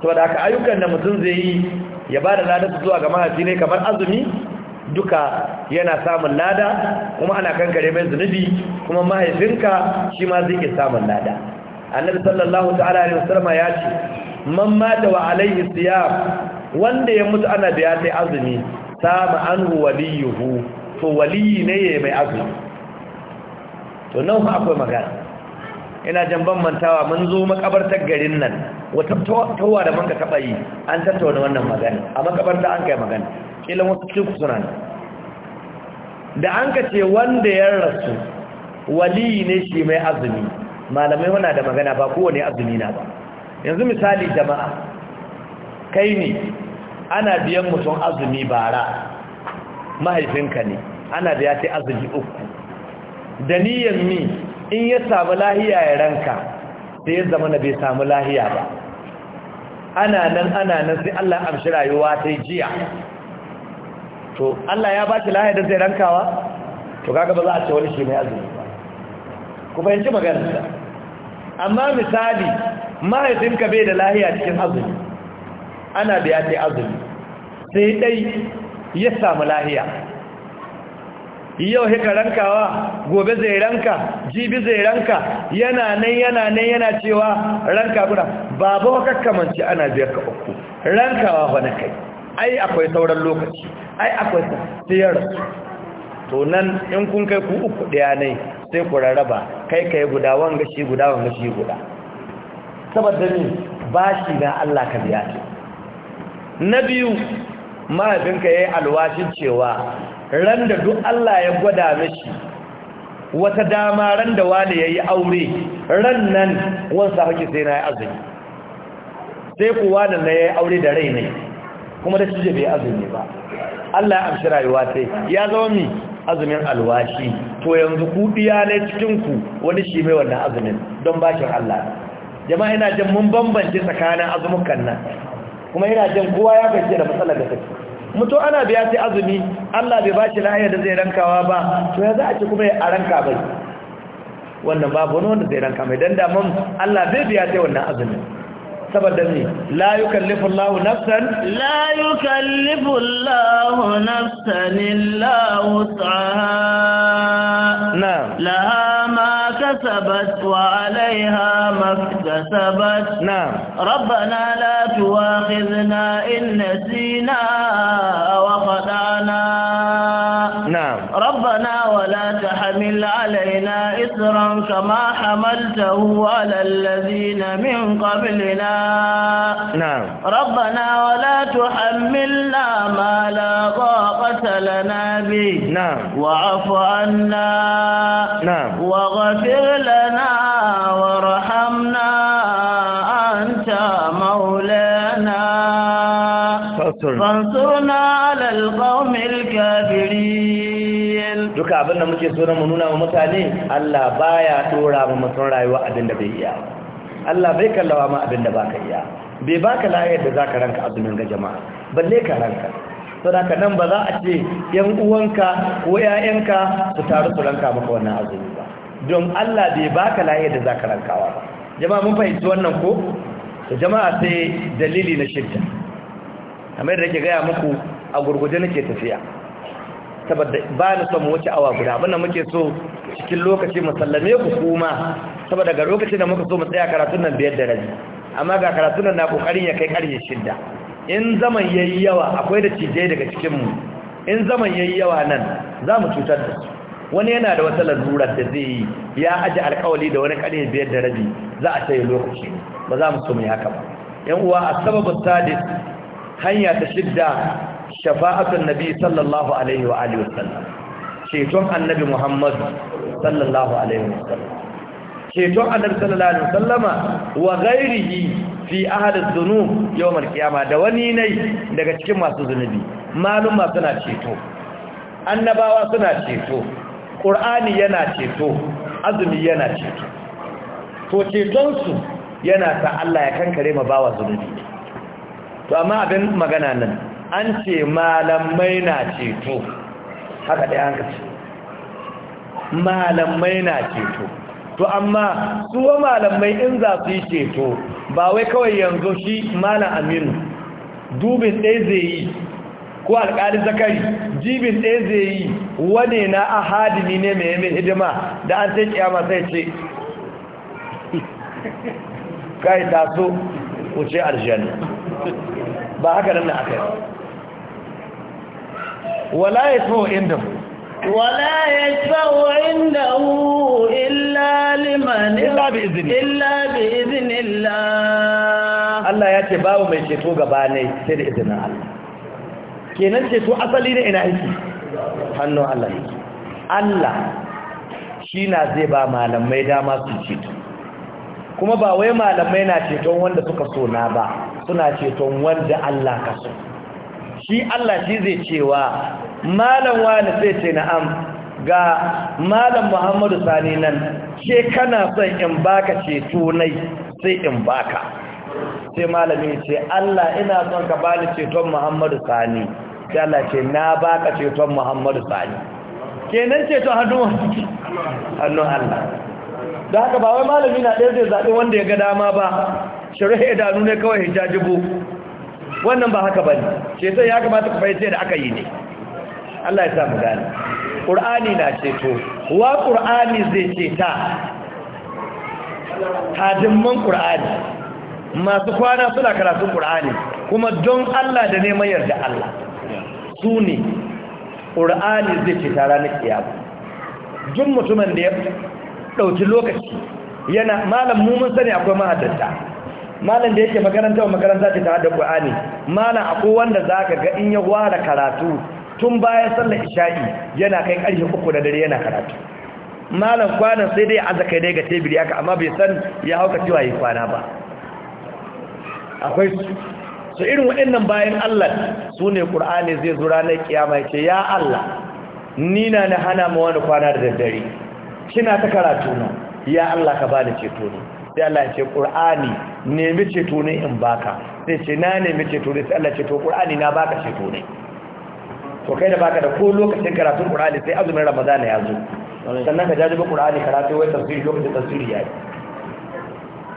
saboda haka ayyukan da mutum zai yi ya ba da ladarsu zuwa ga mahaifi ne kamar azumi duka yana samun lada kuma ana kankare mai zunubi kuma mahaifinka shi ma zai samun lada annabi sallallahu ta'ala alaihi wasallam ya ce man mata wa alaihi siyam wanda ya mutu ana da ya sai azumi sama anhu waliyuhu to waliyi ne ya mai azumi to nan fa akwai magana ina jan mantawa mun zo makabartar garin nan wata tawa da manka taba yi an tattauna wannan magana a makabarta an kai magana kila wasu cikin suna da an ka ce wanda ya rasu waliyi ne shi mai azumi malamai muna da magana ba kowane azumi na ba yanzu misali jama'a kai ne ana biyan mutum azumi bara mahaifinka ne ana biya ta azumi uku da niyan mi in ya samu lahiya ya ranka sai ya zama na bai samu lahiya ba ana nan ana nan sai Allah amshi rayuwa ta jiya to Allah ya ba ta lahiya da zai rankawa to kaga ba za a ce wani shi mai azumi ba ku fahimci maganar amma misali mahaifinka bai da lahiya cikin azumi ana da ya ce azumi sai dai ya samu lahiya yau hika rankawa gobe zai ranka jibi zai ranka yana nan yana nan yana cewa ranka guda babu kakkamanci ana biyar ka uku rankawa wani kai ai akwai sauran lokaci ai akwai tsayar to nan in kun kai ku uku ɗaya ne sai ku rarraba kai kai guda wanga shi guda wanga shi guda saboda ni bashi na Allah ka biya shi na biyu mahaifinka yayi alwashin cewa ran da duk Allah ya gwada mishi wata dama ran da wani yayi aure ran nan wansa hake sai na yi azumi sai kuwa nan na yayi aure da rai ne kuma da shi bai azumi ba Allah ya amshi rayuwa sai ya zama mi azumin alwashi to yanzu ku diya ne cikin ku wani shi mai wannan azumin don bakin Allah jama'a ina jin mun bambance tsakanin azumukan nan kuma ina jin kowa ya bace da matsalar da take mutu ana biya sai azumi Allah bai bashi lahiya da zai rankawa ba to ya za a ci kuma ya ranka bai wannan babu wani wanda zai ranka mai dan da mun Allah bai biya sai wannan azumin سبدني لا يكلف الله نفسا لا يكلف الله نفسا الا وسعها نعم لها ما كسبت وعليها ما اكتسبت نعم ربنا لا تؤاخذنا ان نسينا وخطانا نعم ربنا ولا تحمل علينا إسرا كما حملته على الذين من قبلنا نعم ربنا ولا تحملنا ما لا طاقة لنا به نعم وعف عنا نعم واغفر لنا وارحمنا fansurna fansurna alal qawmil kafirin duka abin da muke so mu nuna wa mutane Allah baya dora ma mutun rayuwa abin da bai iya Allah bai kallawa ma abin da baka iya bai baka lahiyar da zaka ranka azumin ga jama'a balle ka ranka saboda nan ba za a ce yan uwanka ko yayanka su taru su ranka maka wannan azumi ba don Allah bai baka lahiyar da zaka rankawa ba jama'a mun fahimci wannan ko jama'a sai dalili na shidda kamar da ke gaya muku a gurguje nake tafiya saboda ba ni son wuce awa guda abinda muke so cikin lokaci mu sallame ku kuma saboda ga lokacin da muka so mu tsaya karatun nan biyar da rabi amma ga karatun nan na kokarin ya kai karye shida in zaman yayi yawa akwai da cije daga cikin mu in zaman yayi yawa nan za mu cutar da su wani yana da wata lalurar da zai yi ya aji alkawali da wani karye biyar da rabi za a tsaye lokaci ba za mu so mu yi haka ba yan uwa a sababin sadis hanya ta shidda shafa'atun nabi sallallahu alaihi wa alihi wasallam ceton annabi muhammad sallallahu alaihi wasallam ceton annabi sallallahu alaihi wasallama wa ghairihi fi ahadiz dhunub yawm al-qiyamah da wani ne daga cikin masu zunubi maluma suna ceto annabawa suna ceto qur'ani yana ceto azumi yana ceto to ceton su yana ta Allah ya kankare ma bawa zunubi to amma abin magana nan an ce malamai na ceto haka dai an ce malamai na ceto to amma su malamai in za su yi ceto ba wai kawai yanzu shi malam aminu dubin ɗaya zai yi ko alƙali zakari jibin ɗaya zai yi wane na ahadini ne mai yamin hidima da an sai kiyama sai ce kai taso wuce aljanna ba haka nan aka yi wala inda mu. wala yasma'u indahu illa liman illa bi izni illa bi iznillah Allah ya ce babu mai ceto gaba ne sai da izinin Allah kenan ceto asali ne ina aiki. hannun Allah yake Allah shi na zai ba malamai dama su ceto kuma ba wai malamai na ceton wanda suka so na ba suna ceton wanda Allah ka so shi Allah shi zai cewa malam wani sai ce na'am ga malam Muhammadu Sani nan ke kana son in baka ceto nai sai in baka sai malami ce Allah ina son ka bani ceton Muhammadu Sani sai Allah ce na baka ceton Muhammadu Sani kenan ceton hannun Allah da haka ba wai malami na ɗaya zai zaɓi wanda ya ga dama ba shari'a idanu ne kawai hijajibu wannan ba haka bane ce sai ya kamata ku fahimce da aka yi ne Allah ya samu gani Qur'ani na ceto wa Qur'ani zai ceta hadimman Qur'ani masu kwana suna karatun Qur'ani kuma don Allah da neman yarda Allah su ne Qur'ani zai ceta ranar kiyabu duk mutumin da ya ɗauki lokaci yana malam mu mun sani akwai mahaddata malam da yake makaranta wa makaranta ce ta hada ƙwa'ani malam akwai wanda za ka ga in ya ware karatu tun bayan sallar isha'i yana kai ƙarfe uku da dare yana karatu malam kwanan sai dai aza kai dai ga tebiri haka amma bai san ya hauka cewa yi kwana ba akwai su irin waɗannan bayan Allah su ne ƙur'ani zai zura na kiyama ya ce ya Allah nina na na hana ma wani kwana da daddare kina ta karatu na ya Allah ka bani ceto ne sai Allah ya ce Qur'ani nemi ceto ne in baka sai ce na nemi ceto ne sai Allah ce to Qur'ani na baka ceto ne to kai da baka da ko lokacin karatun Qur'ani sai azumin Ramadan ya zo sannan ka jajiba Qur'ani karatu wai tafsiri lokacin tafsiri ya yi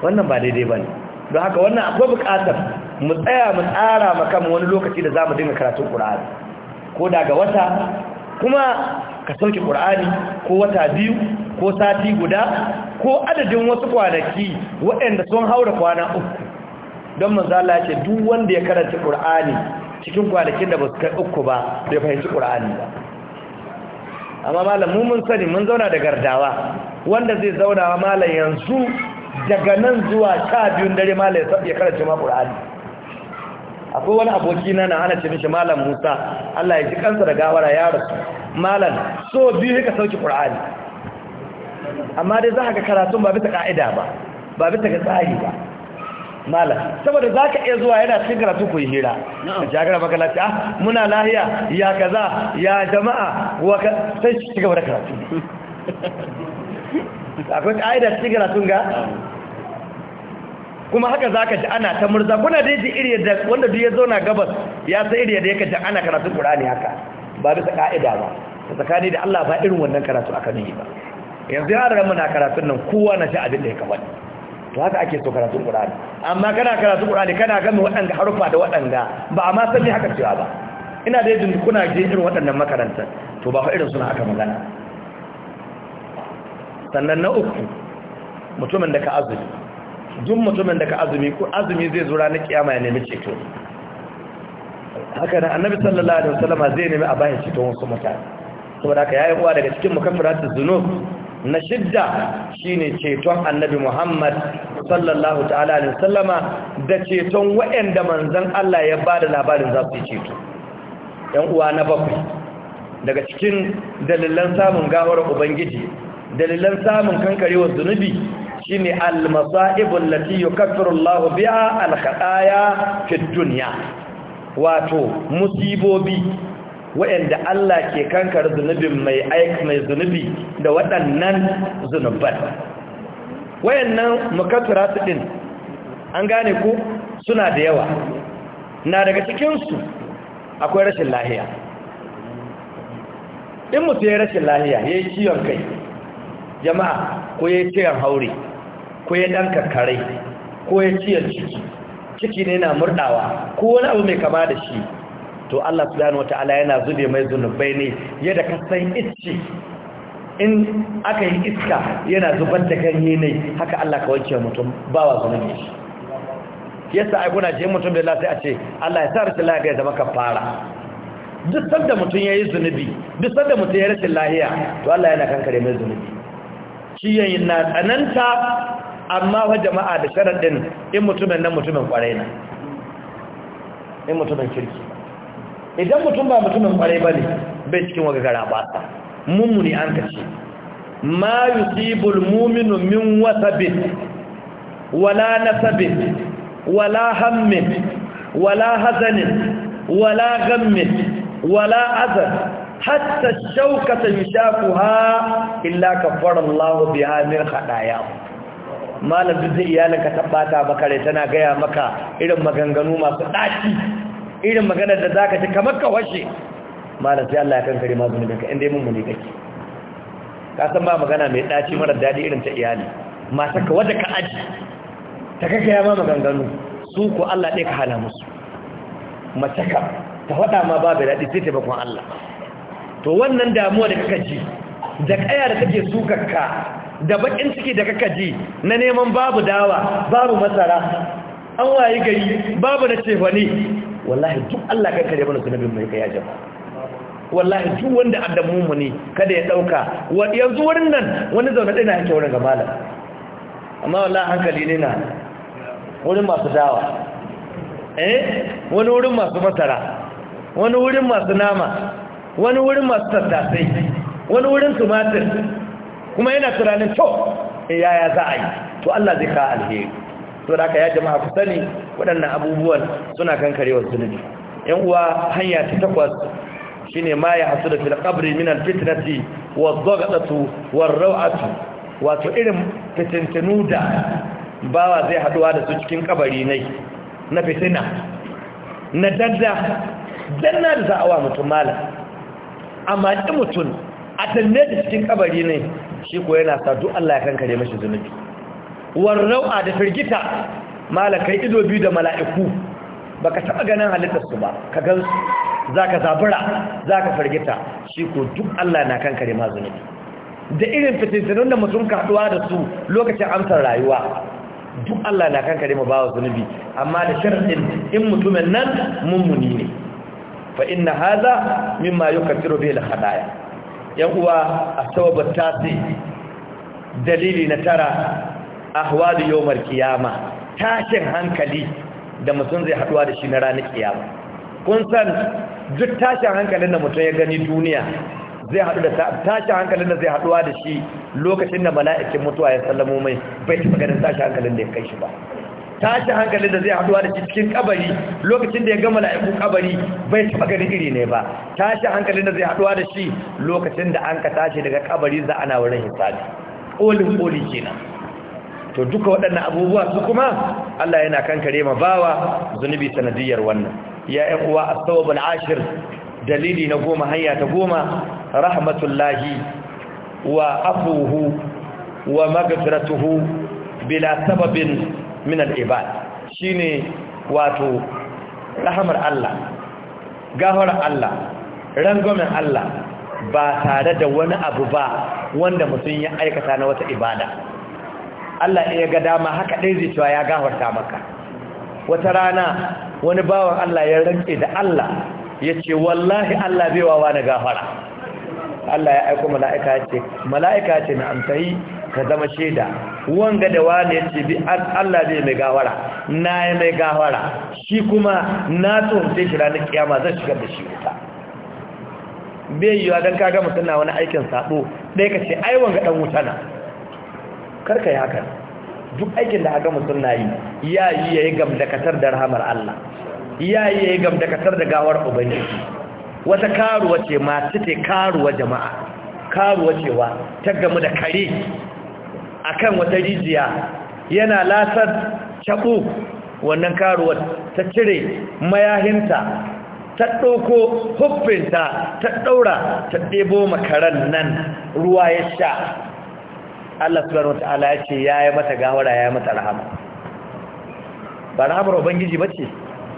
wannan ba daidai bane don haka wannan akwai buƙatar mu tsaya mu tsara makamu wani lokaci da zamu dinga karatun Qur'ani ko daga wata kuma ka sauke ƙur'ani ko wata biyu ko sati guda ko adadin wasu kwanaki waɗanda sun haura kwana uku don manzala ce duk wanda ya karanta ƙur'ani cikin kwanakin da ba su kai uku ba da ya fahimci ƙur'ani ba amma malam mun sani mun zauna da gardawa wanda zai zauna malam yanzu daga nan zuwa sha biyun dare malam ya karanta ma ƙur'ani akwai wani aboki na na ana ce mishi malam musa allah ya ji kansa da gawara ya rasu malam so biyu ka sauki qur'ani amma dai za ka karatun ba bisa ka'ida ba ba bisa ga tsari ba malam saboda za ka iya zuwa yana cikin karatu ku yi hira a jagara makalaci ah muna lahiya ya kaza ya jama'a ka, sai shi gaba da karatu akwai ka'ida cikin karatun ga kuma haka za ka ji ana ta murza kuna da ji iri yadda wanda duk ya zauna gabas ya san iri yadda yake ji ana karatun ƙur'ani haka ba bisa ka'ida ba ta tsakani da Allah ba irin wannan karatu aka yi ba yanzu ya rama muna karatun nan kowa na ji abin da ya kamata to haka ake so karatun ƙur'ani amma kana karatun ƙur'ani kana gami waɗanda harufa da waɗanda ba amma ma san haka cewa ba ina da yadda kuna ji irin waɗannan makarantar to ba irin suna aka magana sannan na uku mutumin da ka azumi duk mutumin da ka azumi ko azumi zai zura na kiyama ya nemi ceto haka nan annabi sallallahu alaihi wasallam zai nemi a bayan ceton wasu mutane saboda haka yayi uwa daga cikin mukaffiratu zunub na shidda shine ceton annabi Muhammad sallallahu ta'ala alaihi wasallama da ceton wa'anda manzon Allah ya bada labarin za su ceto ɗan uwa na bakwai daga cikin dalilan samun gawar ubangiji dalilan samun kankarewar zunubi shine Almasa masaib allati yukaffiru Allahu biha al-khataya fi dunya wato musibobi waɗanda Allah ke kankar zunubin mai aik mai zunubi da waɗannan zunuban wayannan mukaffirat din an gane ku suna da yawa na daga cikinsu akwai rashin lahiya in mutu ya rashin lahiya ya yi ciwon kai jama'a ko ya yi ciwon haure ko ya ɗan kare ko ya ciyar ciki ciki ne na murɗawa ko wani abu mai kama da shi to Allah subhanahu wata'ala yana zube mai zunubai ne yadda ka san ice in aka yi iska yana zubar da ganye ne haka Allah ka wanke mutum ba wa zunubi shi yasa ai kuna je mutum da sai a ce Allah ya sa rashin lafiya zama ka fara. duk sanda mutum ya yi zunubi duk sanda mutum ya rashin lafiya to Allah yana kankare mai zunubi shi yayin na tsananta amma wa jama'a da sharaɗin in mutumin nan mutumin kwarai na in mutumin kirki idan mutum ba mutumin kwarai ba ne bai cikin waga gara ba ta mummuni an kace ma yusibul mu'minu min wasabin wala nasabin wala hammin wala hazanin wala gammin wala azab hatta shaukata ha illa kaffara Allah biha min khatayahu malam duk zai iyalinka ta bata maka rai tana gaya maka irin maganganu masu daci irin maganar da zaka ci kamar ka washe malam sai Allah ya kankare ma ka inda mun muni kake ka san ba magana mai ɗaci mara daɗi irin ta iyali Masu ka wadda ka aji ta ya ma maganganu su ko Allah ɗaya ka hana musu mace ka ta faɗa ma babu daɗi sai ta taimakon Allah to wannan damuwa da kaka ji da ƙaya da take ka da bakin ciki da kaka ji na neman babu dawa babu masara an waye gari babu na cefane wallahi duk Allah kan kare mana sunan mai kai ya wallahi duk wanda addamu mu ne kada ya dauka yanzu wurin nan wani zaune dai na yake wurin ga malam amma wallahi hankali ne na wurin masu dawa eh wani wurin masu masara wani wurin masu nama wani wurin masu tattasai wani wurin tumatir kuma yana tunanin to eh, yaya za a yi to Allah zai kawo alheri to da aka ya jama'a ku sani waɗannan abubuwan suna kankarewa zunubi yan uwa hanya ta takwas shine ma ya hasu da fil qabri min al fitnati wa dhaghatatu wa raw'atu wato irin fitintinu da bawa zai haduwa da su cikin kabari ne na fitina na dadda danna da wa mutum malam amma ɗin mutum a danne da cikin kabari ne shi ko yana sa duk Allah ya kankare mashi zunubi warrau'a da firgita malakai ido biyu da mala'iku baka taba ganin halittar su ba ka gansu zaka zabura zaka firgita shi ko duk Allah na kankare ma zunubi da irin fitintunun da mutum kaduwa da su lokacin amsar rayuwa duk Allah na kankare ma bawa zunubi amma da sharadin in mutumin nan mummuni ne fa inna hadha mimma yukaffiru bihi al-khataya uwa a sababin tasi dalili na tara ahwalu yomar kiyama tashin hankali da mutum zai haduwa da shi na ranar kiyama kun san duk tashin hankalin da mutum ya gani duniya zai haɗu da tashin hankalin da zai haɗuwa da shi lokacin da mala'ikin mutuwa ya sallamo mai bai taɓa ganin tashin hankalin da ya kai shi ba tashi hankalin da zai haduwa da cikin kabari lokacin da ya gama laiku kabari bai taba gani iri ne ba tashi hankalin da zai haduwa da shi lokacin da an ka tashi daga kabari za ana wurin hisabi kolin koli kenan to duka waɗannan abubuwa su kuma Allah yana kankare ma bawa zunubi sanadiyar wannan ya yan uwa as ashir dalili na goma hanya ta goma rahmatullahi wa afuhu wa magfiratuhu bila sababin Minal al-ibad shine wato rahmar Allah gahar Allah rangwamen Allah ba tare da wani abu ba wanda mutum ya aikata na wata ibada Allah ya ga dama haka ɗai zai cewa ya gafarta maka wata rana wani bawan Allah ya rantse da Allah ya ce wallahi Allah bai wawa na gafara Allah ya aiko mala'ika ya ce mala'ika ce na amsayi ka zama shaida wanga da wane yace bi Allah zai mai gawara na yi mai gawara shi kuma na tsohonce shi ranar kiyama zai shigar da shi wuta bai yiwa don kaga mutum na wani aikin sabo ɗaya ka ce ai wanga ɗan wuta na karka yi haka duk aikin da haka mutum na yi ya yi ya yi gamdakatar da rahamar Allah ya yi ya yi gamdakatar da gawar ubangiji wata karuwa ce masu ce karuwa jama'a karuwa cewa ta gamu da kare akan wata rijiya yana lasar caɓo wannan karuwar ta cire mayahinta ta ɗauko huffinta ta ɗaura ta ɗebo makaran nan ruwa ya sha Allah subhanahu ta'ala ya ce ya yi mata gawara ya yi mata rahama ba rahamar ubangiji ba ce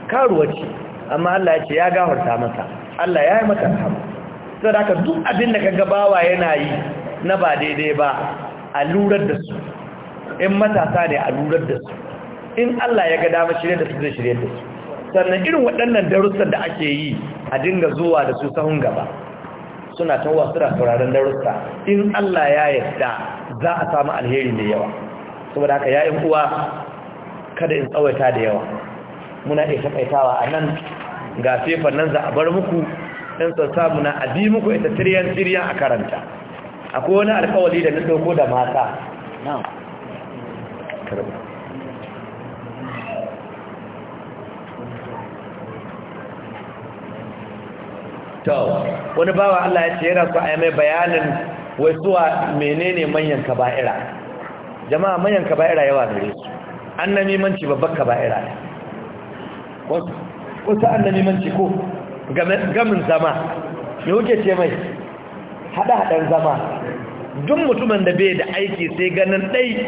karuwa ce amma Allah ya ce ya gawarta mata Allah ya yi mata rahama sai da duk abin da ka gabawa yana yi na ba daidai ba a lurar da su in matasa ne a lurar da su in Allah ya ga dama shirye da su zai shirye da su sannan irin waɗannan darussan da ake yi a dinga zuwa da su sahun gaba suna tawa suna sauraron darussa in Allah ya yarda za a samu alheri mai yawa saboda haka ya in uwa kada in tsawaita da yawa muna iya takaitawa a nan ga fefan nan za a bar muku ɗan sassa a bi muku ita tiriyan tiriyan a karanta akwai wani alkawali da na dauko da mata to wani bawa Allah ya ce yana so a yi mai bayanin wai suwa menene manyan kaba'ira jama'a manyan kaba'ira yawa gare su na mimanci babbar kaba'ira ne wasu an na mimanci ko gamin zama me wuce ce mai haɗa-haɗar zama duk mutumin da bai da aiki sai ganin ɗai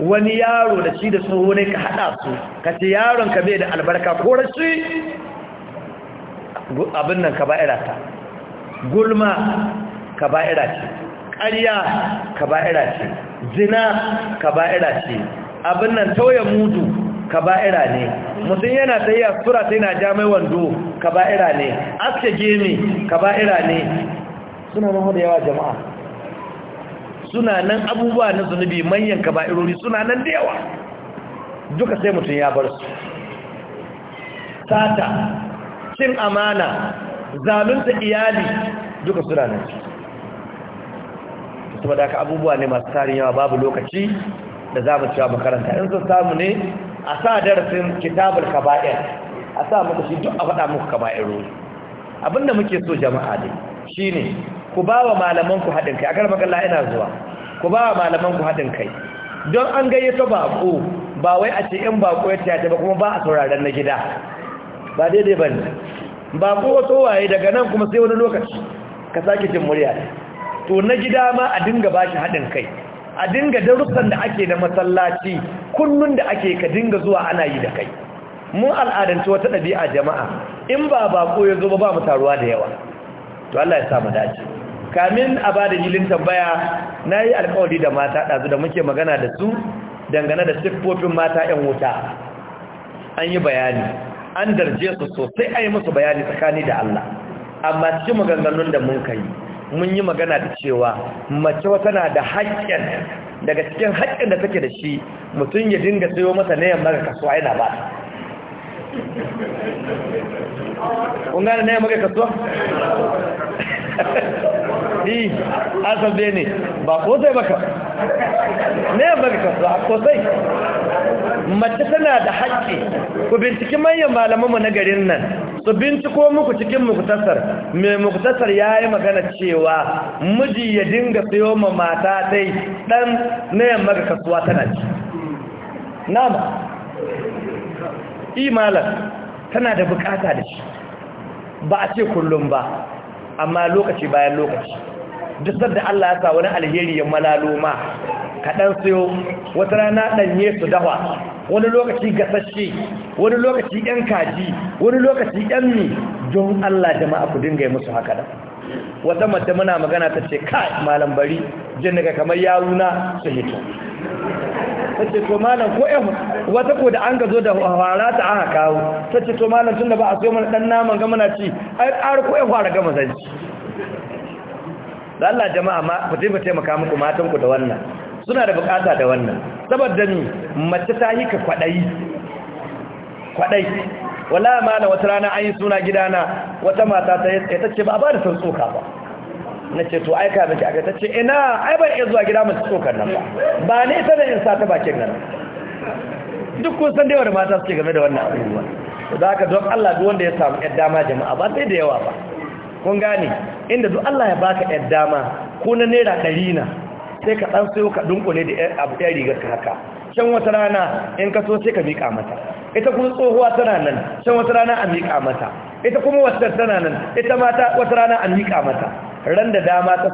wani yaro da shi da tsoho ne ka haɗa su ka ce yaron ka bai da albarka ko rashi abin nan ka ba'ira ta gulma ka ba'ira ce ƙarya ka ba'ira ce zina ka ba'ira ce abin nan tauye mudu ka ba'ira ne mutum yana tsaye sura sai na ja mai wando ka ba'ira ne aske gemi ka ba'ira ne suna nan da yawa jama'a suna nan abubuwa na zunubi manyan kaba'irori suna nan da yawa duka sai mutum ya bar su sata cin amana zalunta iyali duka suna nan saboda aka abubuwa ne masu tarin yawa babu lokaci da za mu cewa makaranta in sun samu ne a sa darasin kitabar kaba'ir a sa muku shi duk a faɗa muku kaba'irori abinda muke so jama'a shi shine ku ba wa malamanku haɗin kai a karfa kalla ina zuwa ku ba wa malamanku haɗin kai don an gayyato baƙo ba wai a ce in baƙo ya tiyata ba kuma ba a sauraren na gida ba daidai ba ne baƙo wato waye daga nan kuma sai wani lokaci ka sake jin murya to na gida ma a dinga ba shi haɗin kai a dinga darussan da ake na masallaci kullun da ake ka dinga zuwa ana yi da kai mun al'adanci wata ɗabi'a jama'a in ba baƙo ya zo ba ba mu taruwa da yawa to Allah ya sa mu dace kamin a ba da jilin tambaya na yi alkawari da mata ɗazu da muke magana da su dangane da siffofin mata 'yan wuta an yi bayani an darje su sosai an yi musu bayani tsakani da Allah amma cikin maganganun da mun kai mun yi magana da cewa mace wata na da haƙƙin daga cikin haƙƙin da take da shi mutum ya dinga sayo masa na yamma ga kasuwa yana ba kun gane na yamma ga kasuwa yi asal ne ba kosai baka ne ka ba kosai mace tana da haƙƙi ku binciki manyan malamanmu na garin nan su binciko muku cikin muktasar mai muktasar ya yi magana cewa miji ya dinga sayo ma mata dai ɗan na yamma ga kasuwa tana ci nama imalar tana da bukata da shi ba a ce kullum ba amma lokaci bayan lokaci duk da Allah ya sa wani alheri ya malalo ma kaɗan sayo wata rana ɗanye su dawa wani lokaci gasashe wani lokaci ɗan kaji wani lokaci ɗan mi don Allah jama'a ku dinga yi musu haka da wata mace muna magana ta ce kai malam bari jin daga kamar yaruna su hito ta ce to malam ko yan wata ko da an gazo da hawara ta aka kawo ta ce to malam tun da ba a so mana ɗan naman ga muna ci ai ƙara ko yan fara gama zanci da Allah jama'a ma ku taimaka muku matanku da wannan suna da bukata da wannan saboda ni mace ta yi ka kwadai kwadai wala na wata rana an yi suna gidana wata mata ta yi tace ce ba a ba da san tsoka ba na ce to aika miki aka ta ce ina ai ban iya zuwa gida mace tsokar nan ba ba ne ta da in sa ta bakin nan duk kun san da da mata suke game da wannan abubuwa da haka don Allah duk wanda ya samu yadda ma jama'a ba sai da yawa ba kun gane inda duk Allah ya baka ƴan dama ko na naira ɗari na sai ka ɗan sayo ka dunkule da abu ɗaya rigar ka haka can wata rana in ka so sai ka miƙa mata ita kuma tsohuwa tana nan can wata rana a miƙa mata ita kuma wata tana nan ita mata wata rana a miƙa mata ran da dama ta